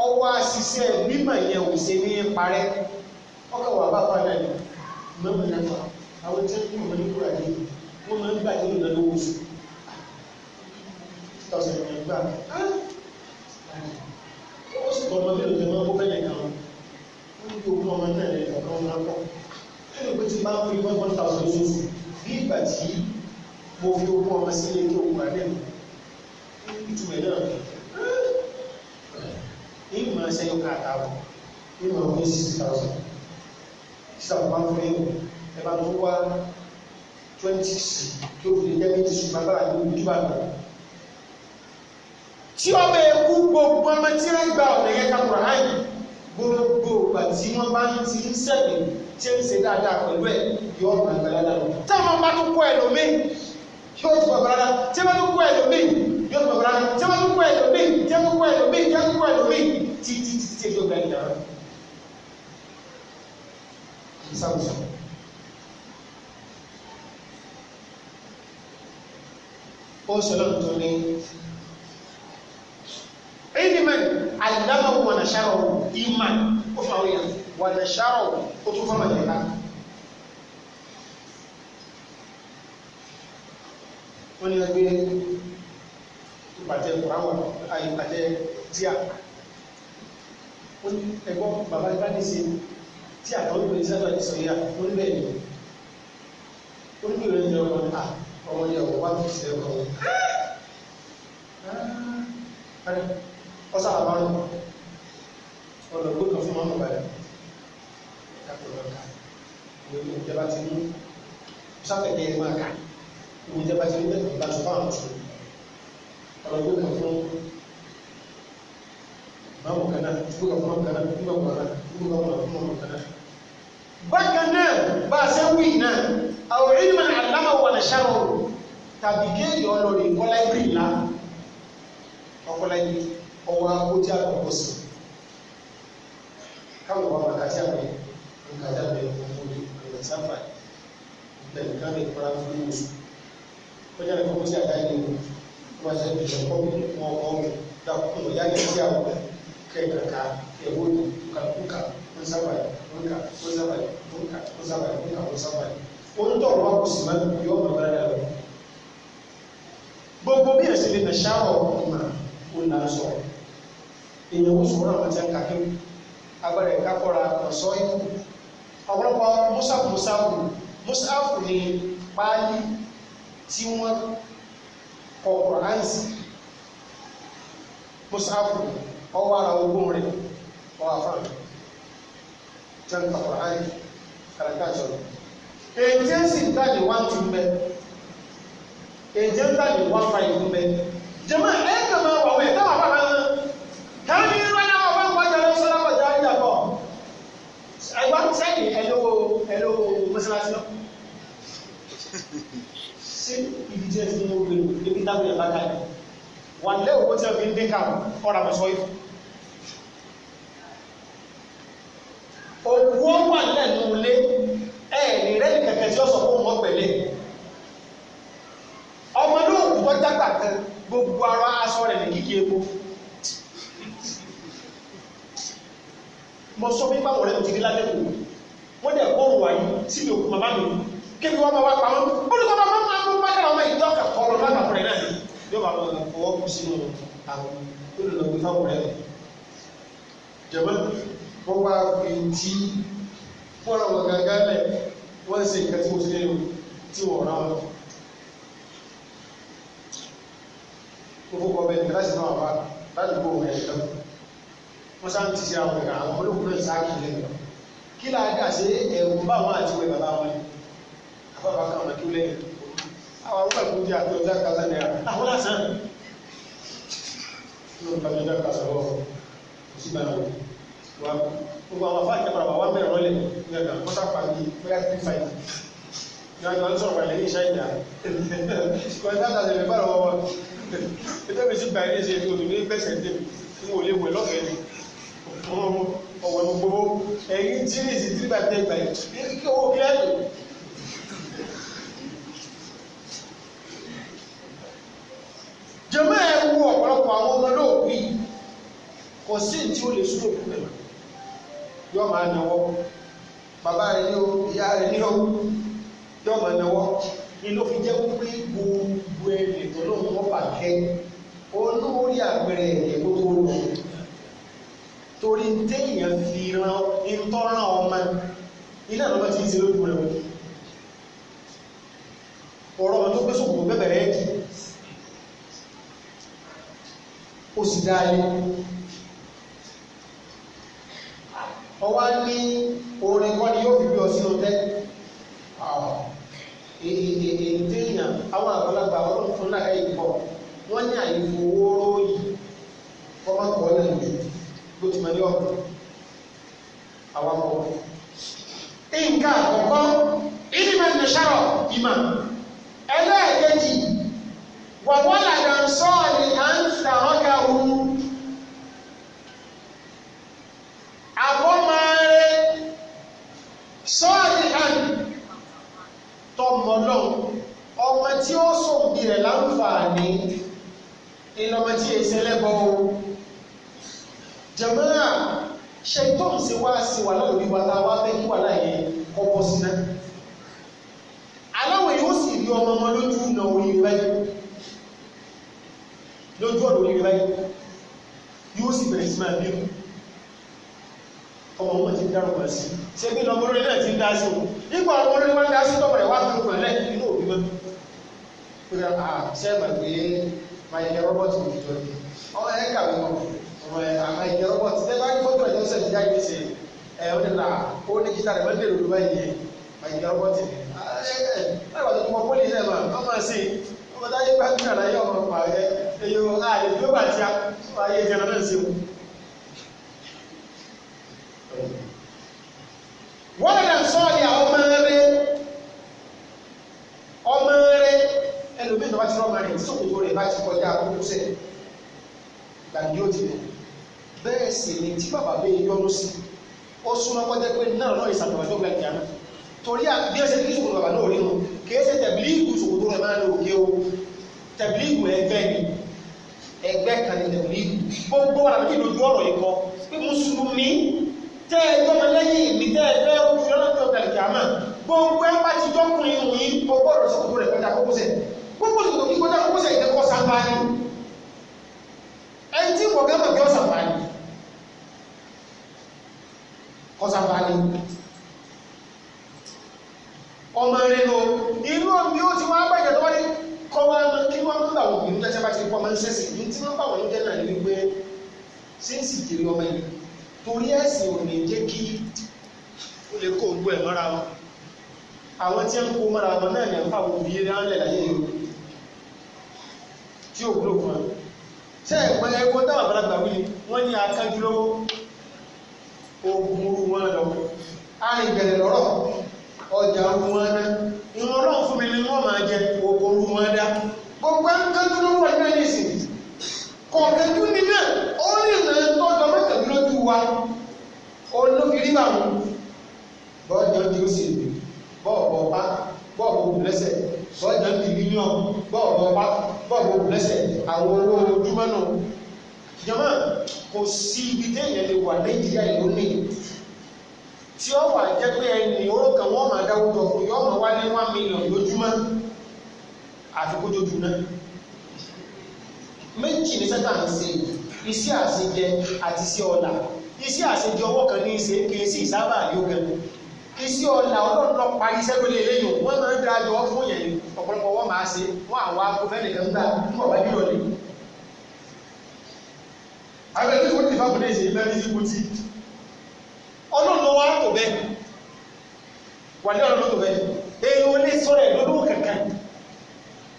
A: ọwọ́ àṣìṣe mímọ̀ yẹn ò ṣe ní parẹ́ ọkọ̀ wà bá padà ní mọ́mọ́ náà fà àwọn tí wọ́n mọ̀ ní kúránì wọ́n máa ń gbà nínú ìlànà owó oṣù tọ́sẹ̀ ìrìn gbà ó sì tọ́ ọmọ mélòó tẹ máa ń kó bẹ́ẹ̀ kan wọ́n ní ogún ọmọ náà lè lọ kán máa pọ̀ nínú pé ti máa ń fi one one thousand oṣooṣù bí ìgbà tí mo fi ogún ọmọ sílé kí òun wà lẹ́nu ìtumẹ̀ náà ìmọ̀ ṣẹyọ káàkiri ìmọ̀ ọ̀gbìn sixty thousand sísàpọ̀ máa ń fún yẹn ẹ bá tó wá twenty sí tó fi lè jẹ́ méjì ṣùgbọ́n agbára ní ojú bá lọ. tí ọmọ ẹkú gbogbo ọmọ tí wọ́n gba ọ̀nà yẹn kakura hàn gbogbo ìgbà tí wọ́n bá ń ti ń sẹ́gbẹ̀ tí ń ṣe dáadáa pẹ̀lú ẹ̀ yọ ọmọ àgbàlá lọ. táwọn bá tún kọ́ ẹ̀ lómi yóò tún bọ̀ tí wọ́n tún kọ́ ẹ̀ lómi yóò tó bàbá rẹ jẹ́ wọ́n kúkú ẹ̀lò mí jẹ́ kúkú ẹ̀lò mí jẹ́ kúkú ẹ̀lò mí tí tí tí tí yóò gbẹ̀yìn dára. ìsàkóso. ó sọ̀rọ̀ tó ní ìdìmẹ̀ àdìdámọ̀ wọ̀nà ṣàrọ̀ ìmà ó fà wíyà wọ̀nà ṣàrọ̀ ó tún fọ́nà yẹ̀ká. wọ́n ní ẹgbẹ́ ìbàjẹ́ kùráwà ìbàjẹ́ tíà ó ní ẹgbọ́ bàbá bá ní ṣe tí àtọ́wé pé sẹ́tọ̀ ní sọ yá ó ní bẹ́ẹ̀ ni ó ní bẹ́ẹ̀ ni ọmọ à ọmọ ni ọmọ wá tó ṣe ọmọ wọn. ọsà ah, àbá lọ ọ̀nà gbọ́dọ̀ fún ọmọ bàdà kápẹ́ ọ̀nà ká ìwé ìjọba ti mú sáfẹ̀kẹ́ máa ká ìwé ìjọba ti mú bẹ́ẹ̀ ọlọ́gbọ́n kan fún báwọn kan náà tí wọ́n fún kan náà tí wọ́n kan náà tí wọ́n kan náà tí wọ́n kan náà. bákan náà bá a ṣe wí náà àwọn ìlú àlámà wà lẹ́sàrò tàbí géèjì ọlọ́rin kọ́lá ìbí ńlá ọkọ́lá ìbí ọwọ́ akójú àkọ́kọ́ sí káwọn ọmọ àkàtì àgbẹ̀ nǹkan àgbẹ̀ ọmọdé ọ̀rẹ́ sáfà ìgbẹ̀rún káwọn ìpara fún oṣù kọjá lẹ́kọ̀ọ́ sí àdáyé ní oṣù mas é masu bishokon homem da se kuma ya ne ya wuka kai kaka ya wuka kalkuka kun saba kunka kun saba kunka kun saba kunka kun saba ohun tó ọ̀rọ̀ kò sì máa ń yọ ọmọ bá dà lọ. gbogbo bí ẹ̀sìn lè nà ṣáwọ̀ ọmọ ò nà sọ èèyàn ó sọ̀rọ̀ àwọn tí a ń kàkẹ́ o ẹ̀ka kọ́ra ọ̀sọ́ ikú ọ̀pọ̀lọpọ̀ mùsàkùmùsàkù mùsàkù ni páálí tí wọ́n ọkọ̀ àìsí mùsàfù ọwọ́ ara ogún rẹ̀ ọwọ́ àfáà jẹ́ ń kọ̀ọ̀rọ̀ àìsí kàràkà jọ̀rọ̀ èjì ń sì dáàdì wá ju mbẹ èjì ń dáàdì wá fa ìlú mbẹ jẹmọ ẹ kà máa wà wẹ táwọn bá máa ká ní ìrora náà wọn bá jẹ lọ sọlá bọjá ìyá bọ ẹgbà sẹyìn ẹlòwò ẹlòwò mọ́sálásí lọ sí ibi tí ẹ ti ní ogun ebi táwọn yẹn bá ká yìí wà lẹ́ owó tí ẹ fi ń dín kàrún ọ̀rọ̀ àmọ́sọ yìí. òkú ó wà lẹ́nu ilé ẹ̀ ní rẹ́ẹ̀lì kẹ̀kẹ́ tí ó sọ fún ọmọ pẹ̀lẹ́ ọmọ náà kù tó dàgbà kan gbogbo ara aṣọ rẹ̀ ní kíkí epo. mo sọ fún báwọn ọ̀rẹ́ mi ti dé lálẹ́ kù wọ́n dẹ̀ kó òun wáyé síbi òkú màmá mi kébi wọ́n máa wá pa sínú àwọn olùlọ́gbé fáwọn rẹ̀ jẹ̀mọ́ wọ́n wá pé tí wọ́n ra wọn gàgá lẹ̀ wọ́n ṣe nǹkan tí mo ṣe lẹ́nu tí wọ́n ra wọn. gbogbo ọbẹ̀ nígbà tí wọ́n wá láti gbọ́ òun ẹ̀ka wọ́n sá ń ti ṣe àwọn ìgbà àwọn olókùn náà sáàkì lẹ́nu kí láà dà sí ẹ̀rù bá wọn àti ìwé bàbá wọn àbábá kan wọn lẹ́yìn àwọn àwọn ìgbà jẹ́ àti ọjà kásán náírà ló ń ka jọjọ ká sọ̀rọ̀ sí ìbànú wa gbogbo àwọn afáàkì àpàrà wà wá mẹ́rin rọ́lẹ̀ ní ọ̀gá wọ́n sá pàdé bóyá tí fàì ní ọjọ́ ń sọ̀rọ̀ pẹ̀lú iṣẹ́ ìdá wọ́n sá tàbí ẹ̀fẹ́ bára wọn ẹgbẹ́ mi sì gba ilé ṣe ìdòdò ní gbẹ̀sẹ̀ dé mi wò lè wẹ̀ lọ́fẹ̀ẹ́ ni ọ̀wẹ̀ gbogbo ẹ̀yìn tí ní ìsìn tí gbàgbé gbà yìí kí owó kílẹ̀ wo ọ̀pọ̀lọpọ̀ àwọn ọmọ náà wí kò sí tí ó lè sún òkú mẹ́wàá yóò máa náwó bàbá rẹ̀ ní o ìyá rẹ̀ ní o yóò máa náwó ni ló fi jẹ́ wípé gbogbo ẹnì tó lóun wọ́n bà kẹ́ olórí àpẹẹrẹ ẹ̀yẹ gbogbo rẹ̀ torí téèyàn fi ran ìtọ́ràn ọmọ ilé àlọ́ bá ti ń ṣe lójú rẹ̀ ọ̀rọ̀ ọmọ tó gbé sòkòtò bẹ́bẹ̀rẹ̀ ẹ̀jì ó sì dá ayé ọwá ní orin kọ́ni yóò fi bí ọ sínú tẹ́ èèyàn àwọn àgbàlagbà ọlọ́run fún náà ẹ̀yìn pọ̀ wọ́n ní àìfowóró yìí kọ́mọ́ kọ́ lẹ́nu ló ti mọ̀ ní ọ̀pọ̀ àwọn ọmọ nǹkan àkọ́kọ́ ìdìmọ̀ ìdìṣàrọ̀ ìmọ̀ ẹlẹ́ẹ̀kejì wàwọ́lá dàn sọ́ọ̀lì à ń tàwọn ọmọ tí ó sòbí rẹ̀ láǹfààní ìlọmọ tí èsì ẹlẹ́bọ o jẹ̀mọ́nà ṣètọ́n sí wá sí wà lórí wa tá a wá fẹ́ kí wà láàyè kọ́ bọ́ sí náà aláwọ̀ yóò sì rí ọmọ ọmọ lójú ọ̀nà oríire báyìí lójú ọ̀nà oríire báyìí yóò sì bẹ̀rẹ̀ sí máa bímọ ọmọ wọn ti dárò wá sí ṣé bí lọmọ orí náà ti ń dá sí o nígbà ọmọ orí wọn dá sí tọmọ rẹ wá fún un kódà à ah, ṣe é gbàgbé máyẹlẹ rọ́bọ̀tì kò jọ ni ọmọ ẹ kàwé mọ ọmọ ẹ àmàyẹlẹ rọ́bọ̀tì tẹ bá gbọ́dọ̀ ẹjọ sẹ ìyá yìí ṣe ẹ ó ní là ó ní kíta rẹ mẹlẹ lòdù báyìí yẹ máyẹlẹ rọ́bọ̀tì ni ah, ẹ ẹ báyìí wà tó mọ pọlì náà mà ọmọ sí ọmọ táyé bá ń kàlàyé ọmọ pàrọ ẹ ẹ yóò àyè tó ẹ̀sìn ni tí bàbá bẹ́ẹ̀ yọnu sí ó súnmọ́ pọ́jẹ́ pé náà náà ìsàtàwájọ́ gbà kìá náà torí bí ó ṣe kí ṣòkòtò bàbá náà rí mu kì í ṣe tẹ̀blíìgù ṣòkòtò rẹ̀ máa ń lo òkè o tẹ̀blíìgù ẹgbẹ́ ni ẹgbẹ́ kan ní tẹ̀blíìgù gbogbo wàrà méjì lójú ọ̀rọ̀ yìí kọ pé mùsùlùmí tẹ́ ẹ gbọ́mọ lẹ́yìn mi tẹ́ ẹ fẹ́ fi ọlọ́jọ́ gbà kìá náà gbogbo ẹ̀ bá ti jọ́kùnrin yìí gbogbo ọ̀rọ̀ ṣòkòtò rẹ̀ kọjá kókósẹ̀ gbogbo ṣòkòtò kí kọjá kókósẹ̀ ìdẹ́kọ̀ sábà ni ẹni tí wọ́n gẹ́gẹ́ bí ọ̀sán báyìí ọ̀sàbàlì ọmọ rinu inú omi ó ti wọ́n bàjẹ́ tó wọ́n ní kọ́ wọn mọ kí wọ́n ń bà wọ́n bínú lẹ́sẹ̀ bá ti pọ́ máa ń sẹ́sì ní tí wọ́n bà wọ́n jẹ́ náà ní wípé ṣé ń sì jèrè ọmọ yìí torí ẹ̀sìn ò ní jẹ́ kí ó lè kó gbọ́ ẹ̀ mọ́ra wọn àwọn tí ń kó mọ́ra wọn náà ní àpá àwọn òbí rán lẹ̀ láyé yìí tí ò gbúrò fún wọn ṣé ẹ̀gbọ́n ẹ̀gbọ́n táwọn àgbàlagbà wí ni wọ́n ní akánjú lọ́wọ́ ogun orú wọn lọ arìnbẹ̀rẹ̀ lọ́rọ̀ ọjà orú wọn dá ìwọ̀n ọlọ́run fún mi ni wọ́n máa jẹ ogun orú wọn dá gbogbo akẹ́kọ̀ọ́ ló wà ní ẹ̀yìn kọ̀ọ̀kẹ́jú ni náà ó lè ràn tọ́jọ́ mẹ́tẹ̀lélójú wa olóbi rí bàmú bọ́ọ̀jà ń di ó sì rè bọ́ọ̀bọ̀ ọ̀pá bọ́ọ̀bọ̀ òkú lẹ́sẹ̀ bọ́ọ̀jà ń di mílíọ̀nù bọ́ọ̀bọ̀ ọ̀pá bọ́ọ̀bọ̀ òkú lẹ́sẹ̀ àwọn olówó ojúmọ́ náà jọmọ kò sí ibi téèyàn lè wà nàìjíríà yìí lónìí tí ó wà jẹ́ pé ẹni oró kan wọ́n máa dáwọ́ jọ fún yọ́ máa wá ní one million lójúmọ́ àfikójójú náà méjì ní sẹ́tà ń ṣe iṣẹ́ àṣejẹ àti iṣẹ́ ọ̀la iṣẹ́ àṣejẹ ọwọ́ kan ní ìṣe kì í sí ìsábà yógan iṣẹ́ ọ̀la ọlọ́run parí iṣẹ́ tó lé eléyìí wọ́n máa ń dájọ́ fún yẹn ọ̀pọ̀lọpọ̀ wọ́n máa ṣe wọ́n àwọn akófẹ́ nìkan gbà ń bọ̀ wá nírọ̀lẹ́ abẹ́rẹ́ tó ti fàbùdé ìṣe ilẹ̀ ní ìbò tí ọlọ́run lọ́wọ́ àpò bẹ́ẹ̀ wà ní ọlọ́run tó bẹ́ẹ̀ èyí ò lè sọ̀rọ̀ ẹ̀ lọ́dún kankan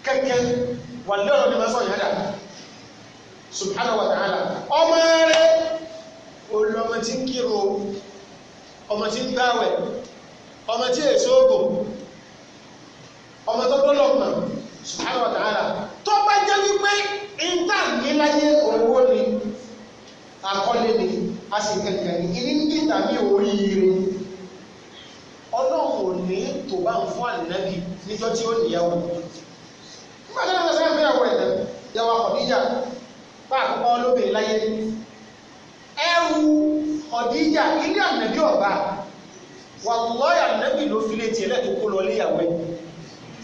A: kankan wà ní ọlọ́run lọ́wọ́ sọ̀rọ̀ yàrá subhanahu wa ta'ala ọmọ rẹ olú ọmọ tí ń kírò ọmọ tí ń gbáwẹ̀ ọmọ tí èso oògùn ọmọ tó gbọ́dọ̀ mọ̀ subhanahu wa ta'ala tó bá jẹ́ wípé ìntàn níláyé òwò ni akọ́lé ni a sì kẹ̀kẹ́ ní ilé ń bí tàbí oríire ọlọ́run ò ní tó bá ń fún ànínábì níjọ́ tí ó níyàwó nígbà tí wọ́n fẹ́ fẹ́yàwó ẹ̀ náà yàwó akọ̀díjà bá àkọ́kọ́ lóbìnrin láyé ẹrù ọ̀díjà ilé ànábì ọ̀bá wàlúwàyà ànábì ló fi lè tiẹ̀ lẹ́tọ̀ọ́ kó lọ léyàwó ẹ̀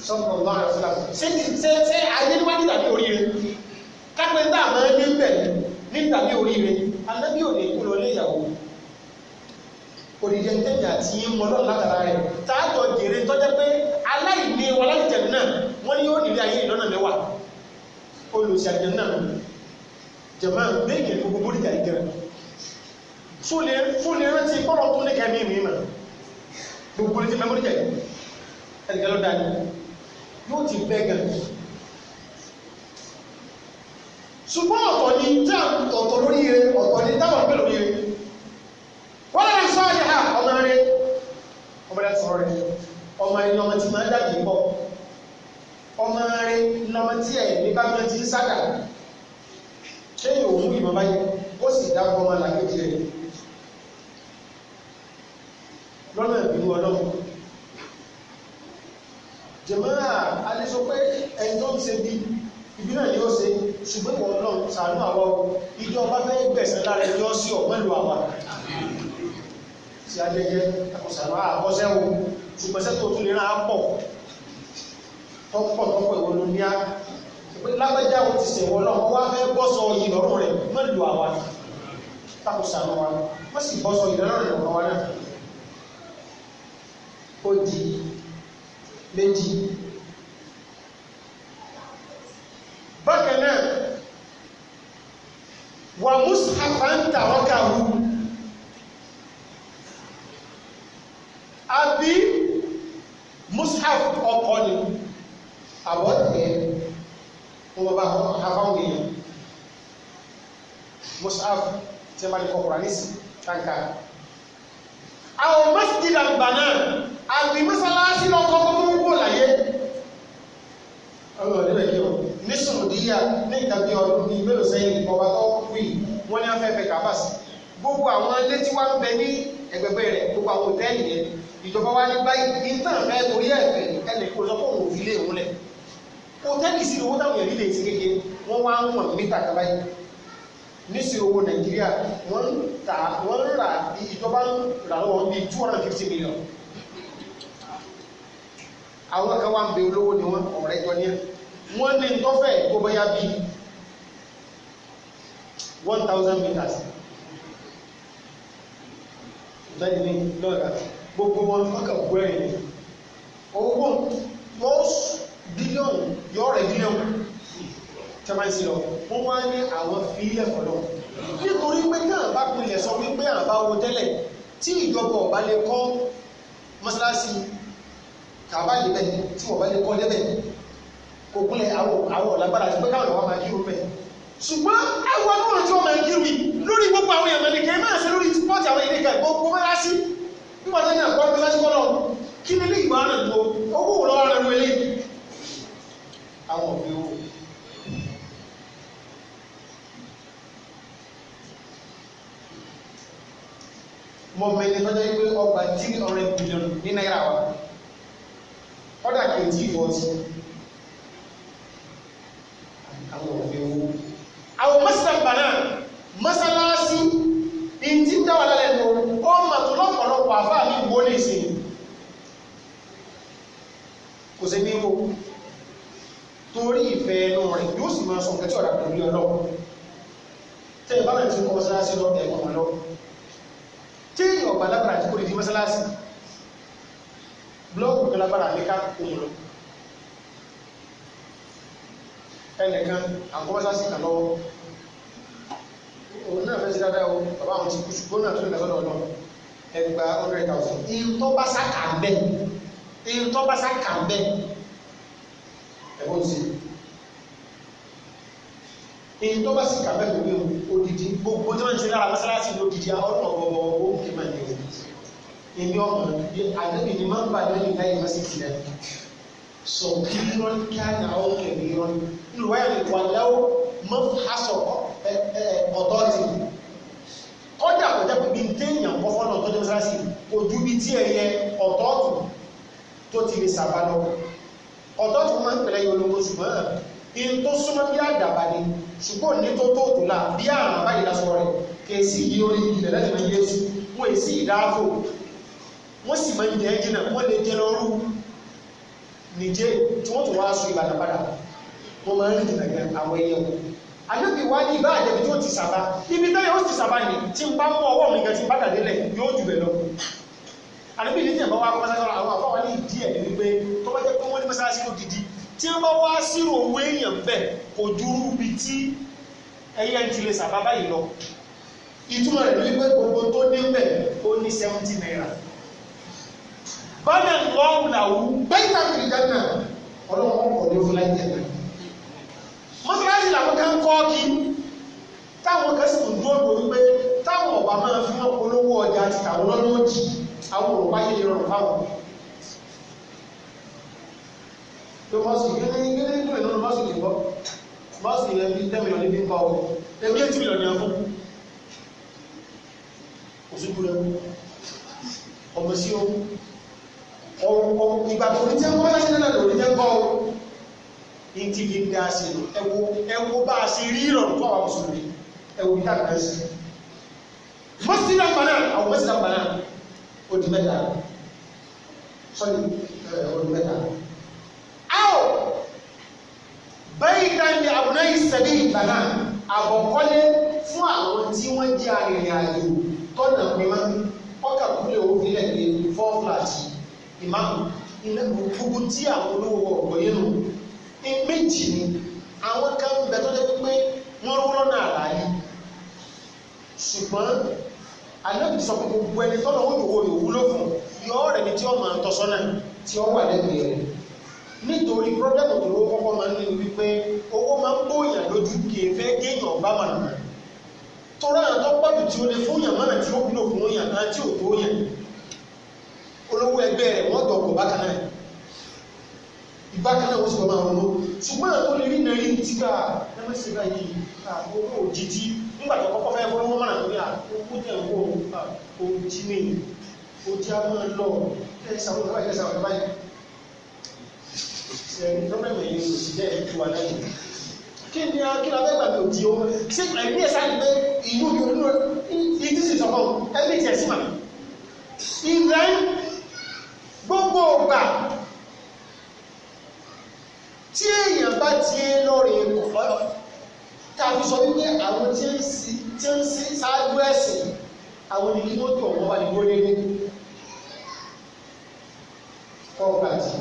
A: sọ́kùnrin ọ̀gbọ́n àrùn fúlà ṣé ṣé ṣé ayé níwájú tàbí oríire kápẹ́ńtà máa ń ní bẹ̀ ní tàbí oríire anábì ò ní kú lọ léyàwó òdìjẹ tẹ̀mí àti mọlọ́ọ̀ látara rẹ̀ tààtọ̀ jèrè tọ́jẹ́ pé aláìní wọn láti jẹ̀mí náà wọ́n ní ó nílé ayé ìlọ́nà mẹ́wàá olùsí àjẹm náà jẹ̀mọ́ bẹ́ẹ̀kì gbogbo bóríkà ìgẹ̀rẹ̀ fúnlẹ̀ rántí kọ́rọ̀ tún ní kẹ́mí mi mà gbogbo ní ti mẹ́móríkà ló dání yóò ti bẹ́ẹ̀ gẹ̀rẹ̀ ṣùgbọ́n ọ̀tọ̀ ni tí a ọ̀tọ̀ lórí rẹ ọ̀tọ̀ ni táwọn pẹ̀lú rí rẹ wọ́n lè sọ àyà ha ọmọ rẹ ọmọ rẹ sọ̀rọ̀ rẹ ọmọ rẹ lọmọ tí máa ń dàbí bọ̀ ọmọ rẹ lọmọ tí ẹ̀ ní bá gbọ́n ti ń sádà kéèyàn òun mú ìmọ̀ báyìí ó sì dákọ̀ ọmọ làkejì rẹ lọ́nà ìbínú ọlọ́run jẹ̀mọ́ra alẹ́ sọ pé ẹni tó ń ṣe bíi ìbí náà ni ó ṣe ṣùgbọ́n ìwọ náà ṣàánú àwọn ìjọba fẹ́ gbẹ̀sẹ̀ lára ẹjọ́ sí ọ̀pẹ́lú àwa tí a jẹjẹ àkọsàmọ́ àkọsẹ́ wo ṣùgbọ́nsẹ́ tó tún lè rán apọ̀ tọ́pọ̀ tọ́pọ̀ ìwọ ló ní á pé lágbájá o ti ṣẹ̀wọ́ náà wọ́n wá fẹ́ bọ́sọ ìlọ́rùn rẹ̀ mẹ́lùú àwa tàkọsàmọ́ wa wọ́n sì bọ́sọ ìlọ́rùn rẹ̀ wọ́n wá náà ó di méjì bákan náà wà mùsàfà ń tà ọ́kà wù àbí mùsàfà ọkọ ni àbọ̀tẹ̀ wọn àfáwọn èèyàn mùsàfà tí a bá lè kọ kura nísì kankan àwọn masjid àgbàna àbí mọ́sálásí lọ́kọ́ kọ́kọ́ wọ́n wò láyé. ọlọ́run ní bẹ́ẹ̀ ní sùnùdíyà ní ìtàbí ọdún bíi mélòó sẹ́yìn ọba tó kú yìí wọ́n ní wọ́n fẹ́ẹ́ fẹ́ kàfàsì gbogbo àwọn ilé tí wọ́n ń bẹ ní ẹgbẹ̀gbẹ̀ rẹ̀ gbogbo àwọn òtẹ́ẹ̀lì yẹn ìjọba wa ní báyìí ìtàn fẹ́ torí ẹ̀fẹ̀ ẹnì kò sọ fóun òfin lé òun lẹ̀ òtẹ́ẹ̀lì sí owó táwọn èèyàn lè ti kéke wọ́n wá ń wọ̀n mítà kaba yìí níṣì owó nàìjíríà wọ́n ń ta wọ́n ń ra ìjọba ń rà lọ́wọ́ bíi two hundred fifty million àwọn kan wá ń bẹ olówó ni wọ́n ọ̀rẹ́ jọ ní ẹ̀ wọ́n ní tọ́fẹ̀ tó bọ́yá bí thousand meters lẹ́yìn ní lọ́ra gbogbo wọn mọ́kà gbẹ́rin owó wọ́n bílíọ̀nù yọ́ rẹ̀ bílíọ̀nù tẹ́máìsì lọ wọ́n wá ní àwọn fílẹ̀ fọ́lọ́ nítorí pé náà bá pinlẹ̀ sọ wípé àbá wo tẹ́lẹ̀ tí ìjọba ọ̀bá lè kọ́ mọ́sálásí tàbá lè bẹ̀ tí ọ̀bá lè kọ́ lẹ́bẹ̀ kò kúnlẹ̀ àwọn ọ̀làgbára àti pé káwọn ọ̀wá máa kírù mẹ́ ṣùgbọ́n ẹwà náà tí wọ́n máa kírù yìí lórí gbogbo àwọn èèyàn mẹ́lẹ̀kẹ́ máa ṣe lórí pọ́ọ̀tì àwọn ilé ìka ìgbókò mẹ́lá sí nígbà tó ní àpò àpẹẹrẹ lásìkò náà kí ni ilé ìgbà náà tó owó wò lọ́wọ́ rẹ̀ wọlé àwọn òbí owó. mo mọ ẹni tọ́jọ́ yìí pé ọgbà three hundred billion ní náírà wa ọ̀dà kejì ìfọ̀ọ́sí ṣe ní wo torí ìfẹ́ ẹnu rẹ̀ yóò sì máa sọ nǹkan tí ọ̀rà pẹ̀lú ọlọ́run tẹ́ ẹ bá náà ti kọ́ mọ́sálásí lọ ẹ̀kọ́ wọn lọ tí ọ̀gbà lábàrà ti kó lè di mọ́sálásí blọ́ọ̀kù kan lábàrà ní ká òun lọ ẹnìkan àkọ́ mọ́sálásí kan lọ́wọ́ òun náà fẹ́ sí dáadáa o bàbá àwọn ti kú ṣùgbọ́n náà tó lè lọ́dọ̀ èyí tó bá sá kà ń bẹ ẹ̀wọ́n sí èyí tó bá sì kà bẹ́ẹ̀ lórí odidi gbogbo tí wọ́n ti lára mọ́sálásí lódidi ọ̀nà ọ̀wọ̀ owó kì máa yẹ èmi ọmọ bí àdébì ni máa ń bá lẹ́yìn láyé mọ́sálásí rẹ̀ sọ kí lọ́n kí á nà ó kẹ̀mí lọ́n nínú wáyà mi wà lẹ́wọ́ mọ́ aṣọ ọ̀dọ́ ti kọ́jà kọjá pé bí téèyàn kọ́ fọ́nà tó dé mọ́sálásí ojú bí tí ẹ̀yẹ ọ̀dọ́ tù tó ti lè sàbá lọ ọ̀dọ́ tí wọ́n máa ń pẹ̀lẹ́ yọ ológo ṣùgbọ́n in tó súnmọ́ bí àdàbà ni ṣùgbọ́n ní tó tó tó la bí àrùn báyìí lásọ rẹ̀ kèsì yìí orí ilẹ̀ láti máa yéésù wọ́n èsì ìdáàbò wọ́n sì máa ń jẹ́ jìnnà wọ́n lè jẹ́ lọ́rù nìjẹ́ tí wọ́n tún wá aṣọ ìbàdàn padà wọ́n máa ń rìn jìnnà gan àwọn ẹyẹ wọn àlóbi wá ní ibà àjẹbí tó ti sàbá ibi táyà ó ti sàbá ni tí n bá mú ọwọ́ mi gan ti bá dàdé lẹ̀ yóò jù bẹ́ẹ̀ lọ àdébí ìdíje bá wa kọ́ mọ́sáàsì àwọn àfọwọ́ ní ìdí ẹ̀ ní wípé tó bá jẹ́ pé wọ́n ní mọ́sáàsì ló didi tí wọ́n bá wá sírò owó èèyàn bẹ́ẹ̀ kò ju rúbi tí ẹyẹ ti lè sàbá báyìí lọ ìtumọ̀ rẹ̀ wípé gbogbo tó dé bẹ̀ ó ní seventy naira bọ́dẹ̀ lọ́wọ́ làwù bẹ́ẹ̀ náà kìrìjà náà ọlọ́wọ́ kọ̀ ní ó fúnra jẹ̀ náà mọ́sáàsì táwọn kan sì tún dúró dúró wípé táwọn ọba máa fi wọn polówó ọjà àti tàwọn lọ́nà òjì àwọn òrùka yé lè rọrùn fáwọn. pé mọ́sù gẹ́gẹ́ gẹ́gẹ́ nínú ìlú mọ́sù lè gbọ́ mọ́sù yẹn bí tẹ́mi ọ̀lẹ́ bí ń pa ọ́ ẹbí ẹ̀ tí mi lọ ní ọkọ́ òṣùkú rẹ ọmọ sí o ọ̀rọ̀ ìgbà tó ní tẹ́ńkọ́ bá ṣe náà lórí tẹ́ńkọ́ o ní ti fi ń dá sí ẹ̀wọ̀ ẹ̀wọ̀ bá a ṣe rí ìrọ̀rùn fún àwọn mùsùlùmí ẹwù bí àgbà sí mọ́sí náà mọ̀ náà àwọn mọ́sí náà mọ̀ náà odi mẹ́ta sọ́ni odi mẹ́ta. Awo bẹ́yìí dáńdé àbùnà yìí sẹ́bí ìgbàna àbọ̀kọ́lé fún àwọn tí wọ́n jẹ́ arìnrìn àjò tọ́nà mímọ́ ọkà kúlẹ̀ owó nílẹ̀ ní four flat ìmáàmù ilé gbogbo tí àwọn olówó ọ̀pọ̀ yẹn nù méjì ni àwọn kan bẹ tó pé wọ́n rú lọ́nà àlàyé ṣùgbọ́n anábì sọ pé gbogbo ẹni tọ́lọ̀ ó dòwò yòówú ló fún yọ rẹ̀ ni tí ó máa tọ́ sọ́nà tí ó wà lẹ́gbẹ̀ẹ́ rẹ̀ nítorí pírọ́dẹ́mù tó ló kọ́kọ́ máa ń ní wípé owó máa ń bóyàn lójú kì í fẹ́ géèyàn bá màlù tọ́lá àwọn tó pọ̀jù tí ó lè fún yàn mọ́nà tí ó wúlò fún yàn àti òtó yàn olówó ẹgbẹ́ rẹ̀ wọ́n dọ̀kọ̀ bákan náà ìbákanáà wọ́n sì lọ máa ronú ṣùgbọ́n àtọ́ lè rí nàírí ti gbà ẹmẹ́sìnlá yìí àwọn òjìjí nígbà tó kọ́kọ́ fẹ́ fún mọ́nà tó ní àkókò jẹ́ owó ojí ní ojí a máa lọ ẹ̀sàwọn ọ̀gá ẹ̀sàwọn ọ̀gá yìí ẹ̀rù pọ́blẹ́mù yìí kò sí bẹ́ẹ̀ tó wà lẹ́yìn kí ni kí la fẹ́ gbàgbé òjì o ṣé ẹ̀mí ẹ̀sà ti gbé ìlú yorùbá ìdí sì sọ̀kọ̀ ẹ̀mí ti ẹ̀sìn mà Ibrahim gbogbo ògbà tí èèyàn bá ti lọ́ọ̀rẹ́ kọ̀ọ̀lọ́ tàbí sọ wípé àwọn tí ń sí tí ń sí ṣáájú ẹ̀sìn àwọn ìdí tó tó ọ̀wọ́ wà ní gbólé ní kọ́ńtàtì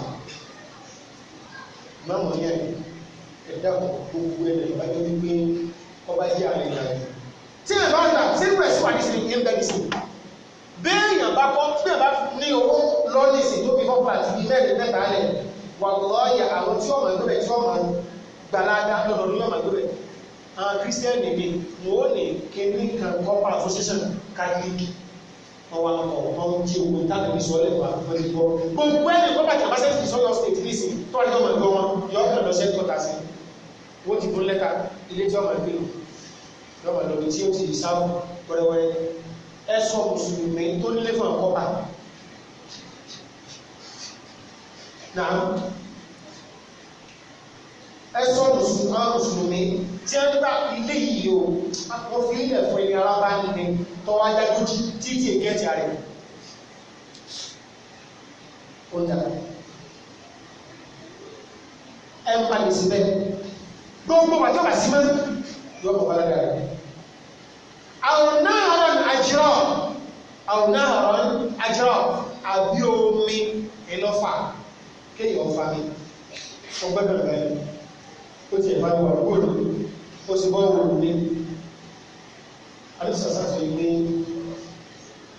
A: mọ́mọ́ yẹn ẹ̀dá gbogbo ẹ̀ lẹ́yìn bájọ́ wípé ọba yí àlẹ́ ìlànà tí ẹ̀ bá rà sí ìwẹ̀ sí wà ní sinmi yẹn bẹ́ẹ̀ ní sinmi béèyàn bá kọ́ bí ẹ̀ bá ní owó lọ́ọ́ ní ìsìn tó fi kọ́ńtàtì bíi mẹ́rin mẹ́ta lẹ̀ wà lọ́ọ̀yà àwọn tí ọmọ ẹgbẹ́ tí ọmọ gbàládá lọ́dọ̀ ní ọmọ ẹgbẹ́ àwọn kírísítẹ́nì mi wọ́n ní kíní kan kọ́pà association catholic ọwọ́ àwọn ọmọ ohun tí ogun tábí ní sọ́ọ́lẹ̀ wà fún ìgbọ́ gbogbo ẹni kọ́pà tí a bá sẹ́ ti sọ́yọ́ state ní ìsìn tó wà ní ọmọ ẹgbẹ́ wọn yọ ọkàn lọ sẹ́ńtọ́ tà sí wọ́n ti fún lẹ́tà ilé tí ọmọ ẹgbẹ́ lọ́wọ́ lọ́wọ́ tí ó ti sáwọ́ wẹ́rẹ́wẹ́rẹ́ ẹ sọ mùsùlùmí tó nílé fún ọkọ́pà náà ẹ sọ mùsùlùmí tí wọ́n gbà ilé yìí o wọ́n fi ilẹ̀ fún ẹni ara bá ní tọ́wọ́ ajágójì títí èkẹ́tì ààrẹ ó dà ẹ ń palẹ̀ síbẹ̀ gbogbo wàjọ́ bá sí mọ́ yọ bọ̀ wọlé rẹ̀ àwọn náà rán àjírọ̀ àwọn náà rán àjírọ̀ àbí omi ìlọ́fà kéèyàn fa mi ọgbẹ́ bẹ̀rẹ̀ ó ti ẹ̀ bá wà lóòrùn ó sì bọ́ wọn lé alẹ́sàsà fi gbé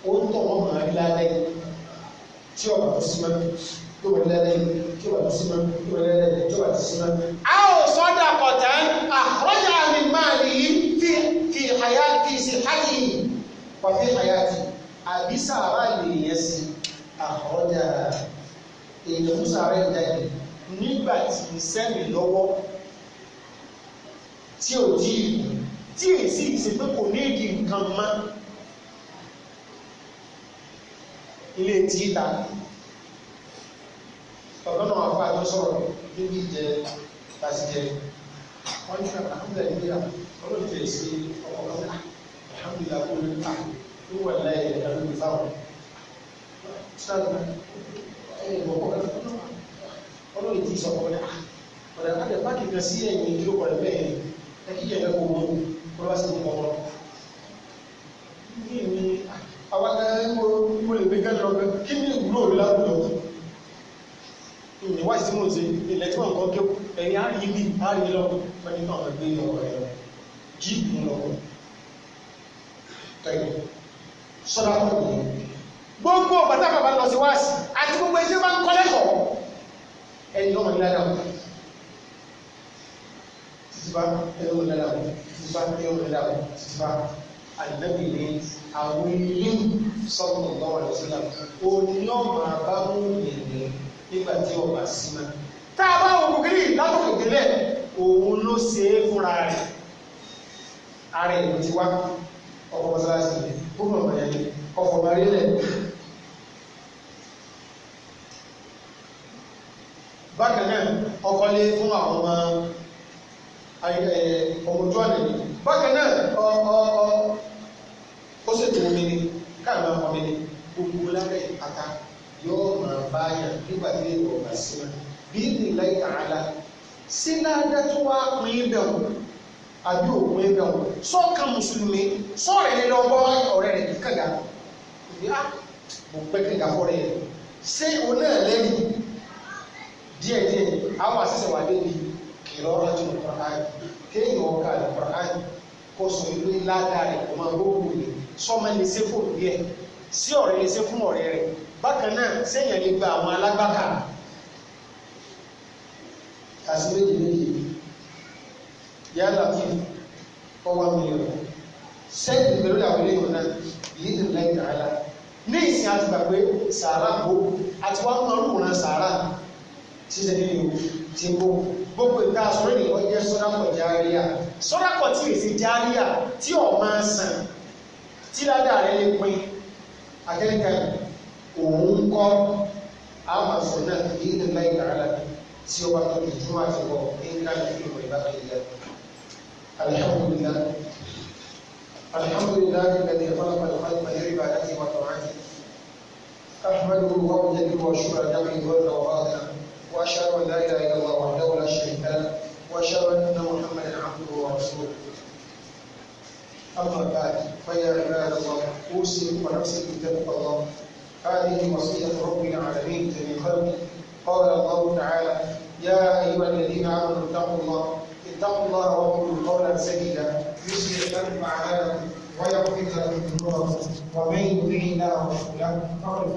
A: ó ń tọ̀ wọ́n máa rí lálẹ́ tí ọ̀bà tó sí máa tó wọ́n lálẹ́ tí ọ̀bà tó sí máa tó wọ́n lálẹ́ tí ọ̀bà tó sí máa. a ò sọ́dà kọ̀tà àkọ́jà mi máa lè yí fi fi àyà fi sí hàkì wà fi àyà ti àbí sàrà lè yẹ sí àkọ́jà èèyàn fún sàrà ìdájọ́ nígbà tí sẹ́mi lọ́wọ́ tí ò tí ì tí èsì ìsìn pé kò ní ìdí nǹkan mọ́ ilé títa ọ̀dọ́ náà afọ àjọ sọ̀rọ̀ níbi ìjẹ lásìjẹ wọ́n ní kàkà hàmdà ìgbéyà ọlọ́run tẹ̀ sí ọmọ náà hàmdùlá kó lè ta ló wà láyé ẹ̀ka ló lè fáwọn sáàdùn ẹ̀yẹ bọ̀bọ̀ ọlọ́run ti sọ̀rọ̀ ọ̀dà ọ̀dà kájẹ̀ bá kìkan sí ẹ̀yìn ìdúró pẹ̀lú bẹ́ẹ̀ ẹkíjẹ ẹ̀kọ́ wọn kó lọ́wọ́ sí ní ọmọ kí ni àwọn ẹgbẹ́ lè gbẹ́gẹ́ lọ́gbẹ́ kí ni ìwúlò rí láwùjọ ìwà ìsinmi òsè ilẹ̀ tí wọ́n kọ́ kí ẹ̀yìn àárín ibi àárín lọ pẹ̀lú àwọn ẹgbẹ́ ìyọ̀wọ̀ rẹ̀ jíìpù lọ́wọ́ tẹ̀lé sọ́dá kọ́ gbogbo bàtà bàbá lọ sí wáàsì àti gbogbo ẹgbẹ́ bá ń kọ́lẹ́kọ̀ọ́ ẹni lọ́mọ nílẹ̀ sísúbá tẹ́lẹ̀ wọlé làwọn sísúbá tẹ́lẹ̀ wọlé làwọn sísúbá àdìbẹ́bí ni àwọn ilé sọ́kùn ọ̀gbọ́n wà lọ́sílà òní yóò máa bá mú ìrìn nígbà tí wọ́n bá sí ma. tá a bá wọ kòkìrì látòkò délẹ̀ òun ló ṣe é fúnra rẹ̀ ara ẹ̀ ló ti wá ọkọ̀ mọ́sálásí gbogbo ọ̀gbọ̀n yẹn ọkọ̀ marí lẹ̀. bákan náà ọkọ̀ lé fún àwọn ọmọ ọmọdé ọ̀nà ni bákan náà ọ ọ ọ ó ṣètò omi ni káàmì ọmọ ni gbogbo lábẹ́ ìpàtà yóò máa bá yàn nígbà tí èèyàn bá sí wọn bí ìlà ìyàrá sí dáadáa tó wá pín in bẹ̀rù àbí òkun in bẹ̀rù sọ́ọ̀kan mùsùlùmí sọ́ọ̀rẹ́ ní lọ́wọ́ ọ̀rẹ́ rẹ̀ kíkàgà ìyá ah, mo pẹ́ kíkà fọ́ọ̀rẹ́ yẹn ṣé o náà lẹ́yìn díẹ̀díẹ̀ àwọn àṣìṣe wà débi qira'atul Qur'an kéèyàn ọ̀ka Al-Qur'an kó sọ ilé ládàá rẹ̀ kó máa gbógun rẹ̀ sọ́mọ lè ṣe fún òbí ẹ̀ sí ọ̀rẹ́ lè ṣe fún ọ̀rẹ́ rẹ̀ bákan náà séèyàn lè gba àwọn alágbàkà àti méjì méjì yálà kí ọwọ́ mílíọ̀nù sẹ́yìn pẹ̀lú àwọn ilé ìwọ̀n náà yìí ní láì tààlà ní ìsìn àti gbàgbé sàárà kó àti wọ́n máa ń rúwòrán sàárà ṣíṣe nínú tí ń gbogbo ìta sọ̀rọ̀ ìlú ọjẹ́ sọ́dákọ̀ járíà sọ́dákọ̀ tí èsì járíà tí ọ̀ máa san tí ládàá rẹ lè pin akẹ́kẹ́ òun kọ́ amazon náà kì í lè láì tààlà tí ó bá tó lè tún àti bọ̀ nígbà tó fi wọ̀ ìbára ìyá alihamudulilayi alihamudulilayi lẹ́dí ọlọ́pàá ìfọdùmá yẹ́rì bá láti wà tó rántí. أحمده وأجل وأشكر نعمه وأنا وأنا واشهد ان لا اله الا الله وحده لا شريك له واشهد ان محمدا عبده ورسوله اما بعد فيا عباد الله اوصيكم ونفسي بتقوى الله هذه وصيه رب العالمين خلقه قال الله تعالى يا ايها الذين امنوا اتقوا الله اتقوا الله وقولوا قولا سديدا يسر لكم اعمالكم ويغفر لكم ذنوبكم ومن يطع الله ورسوله فقد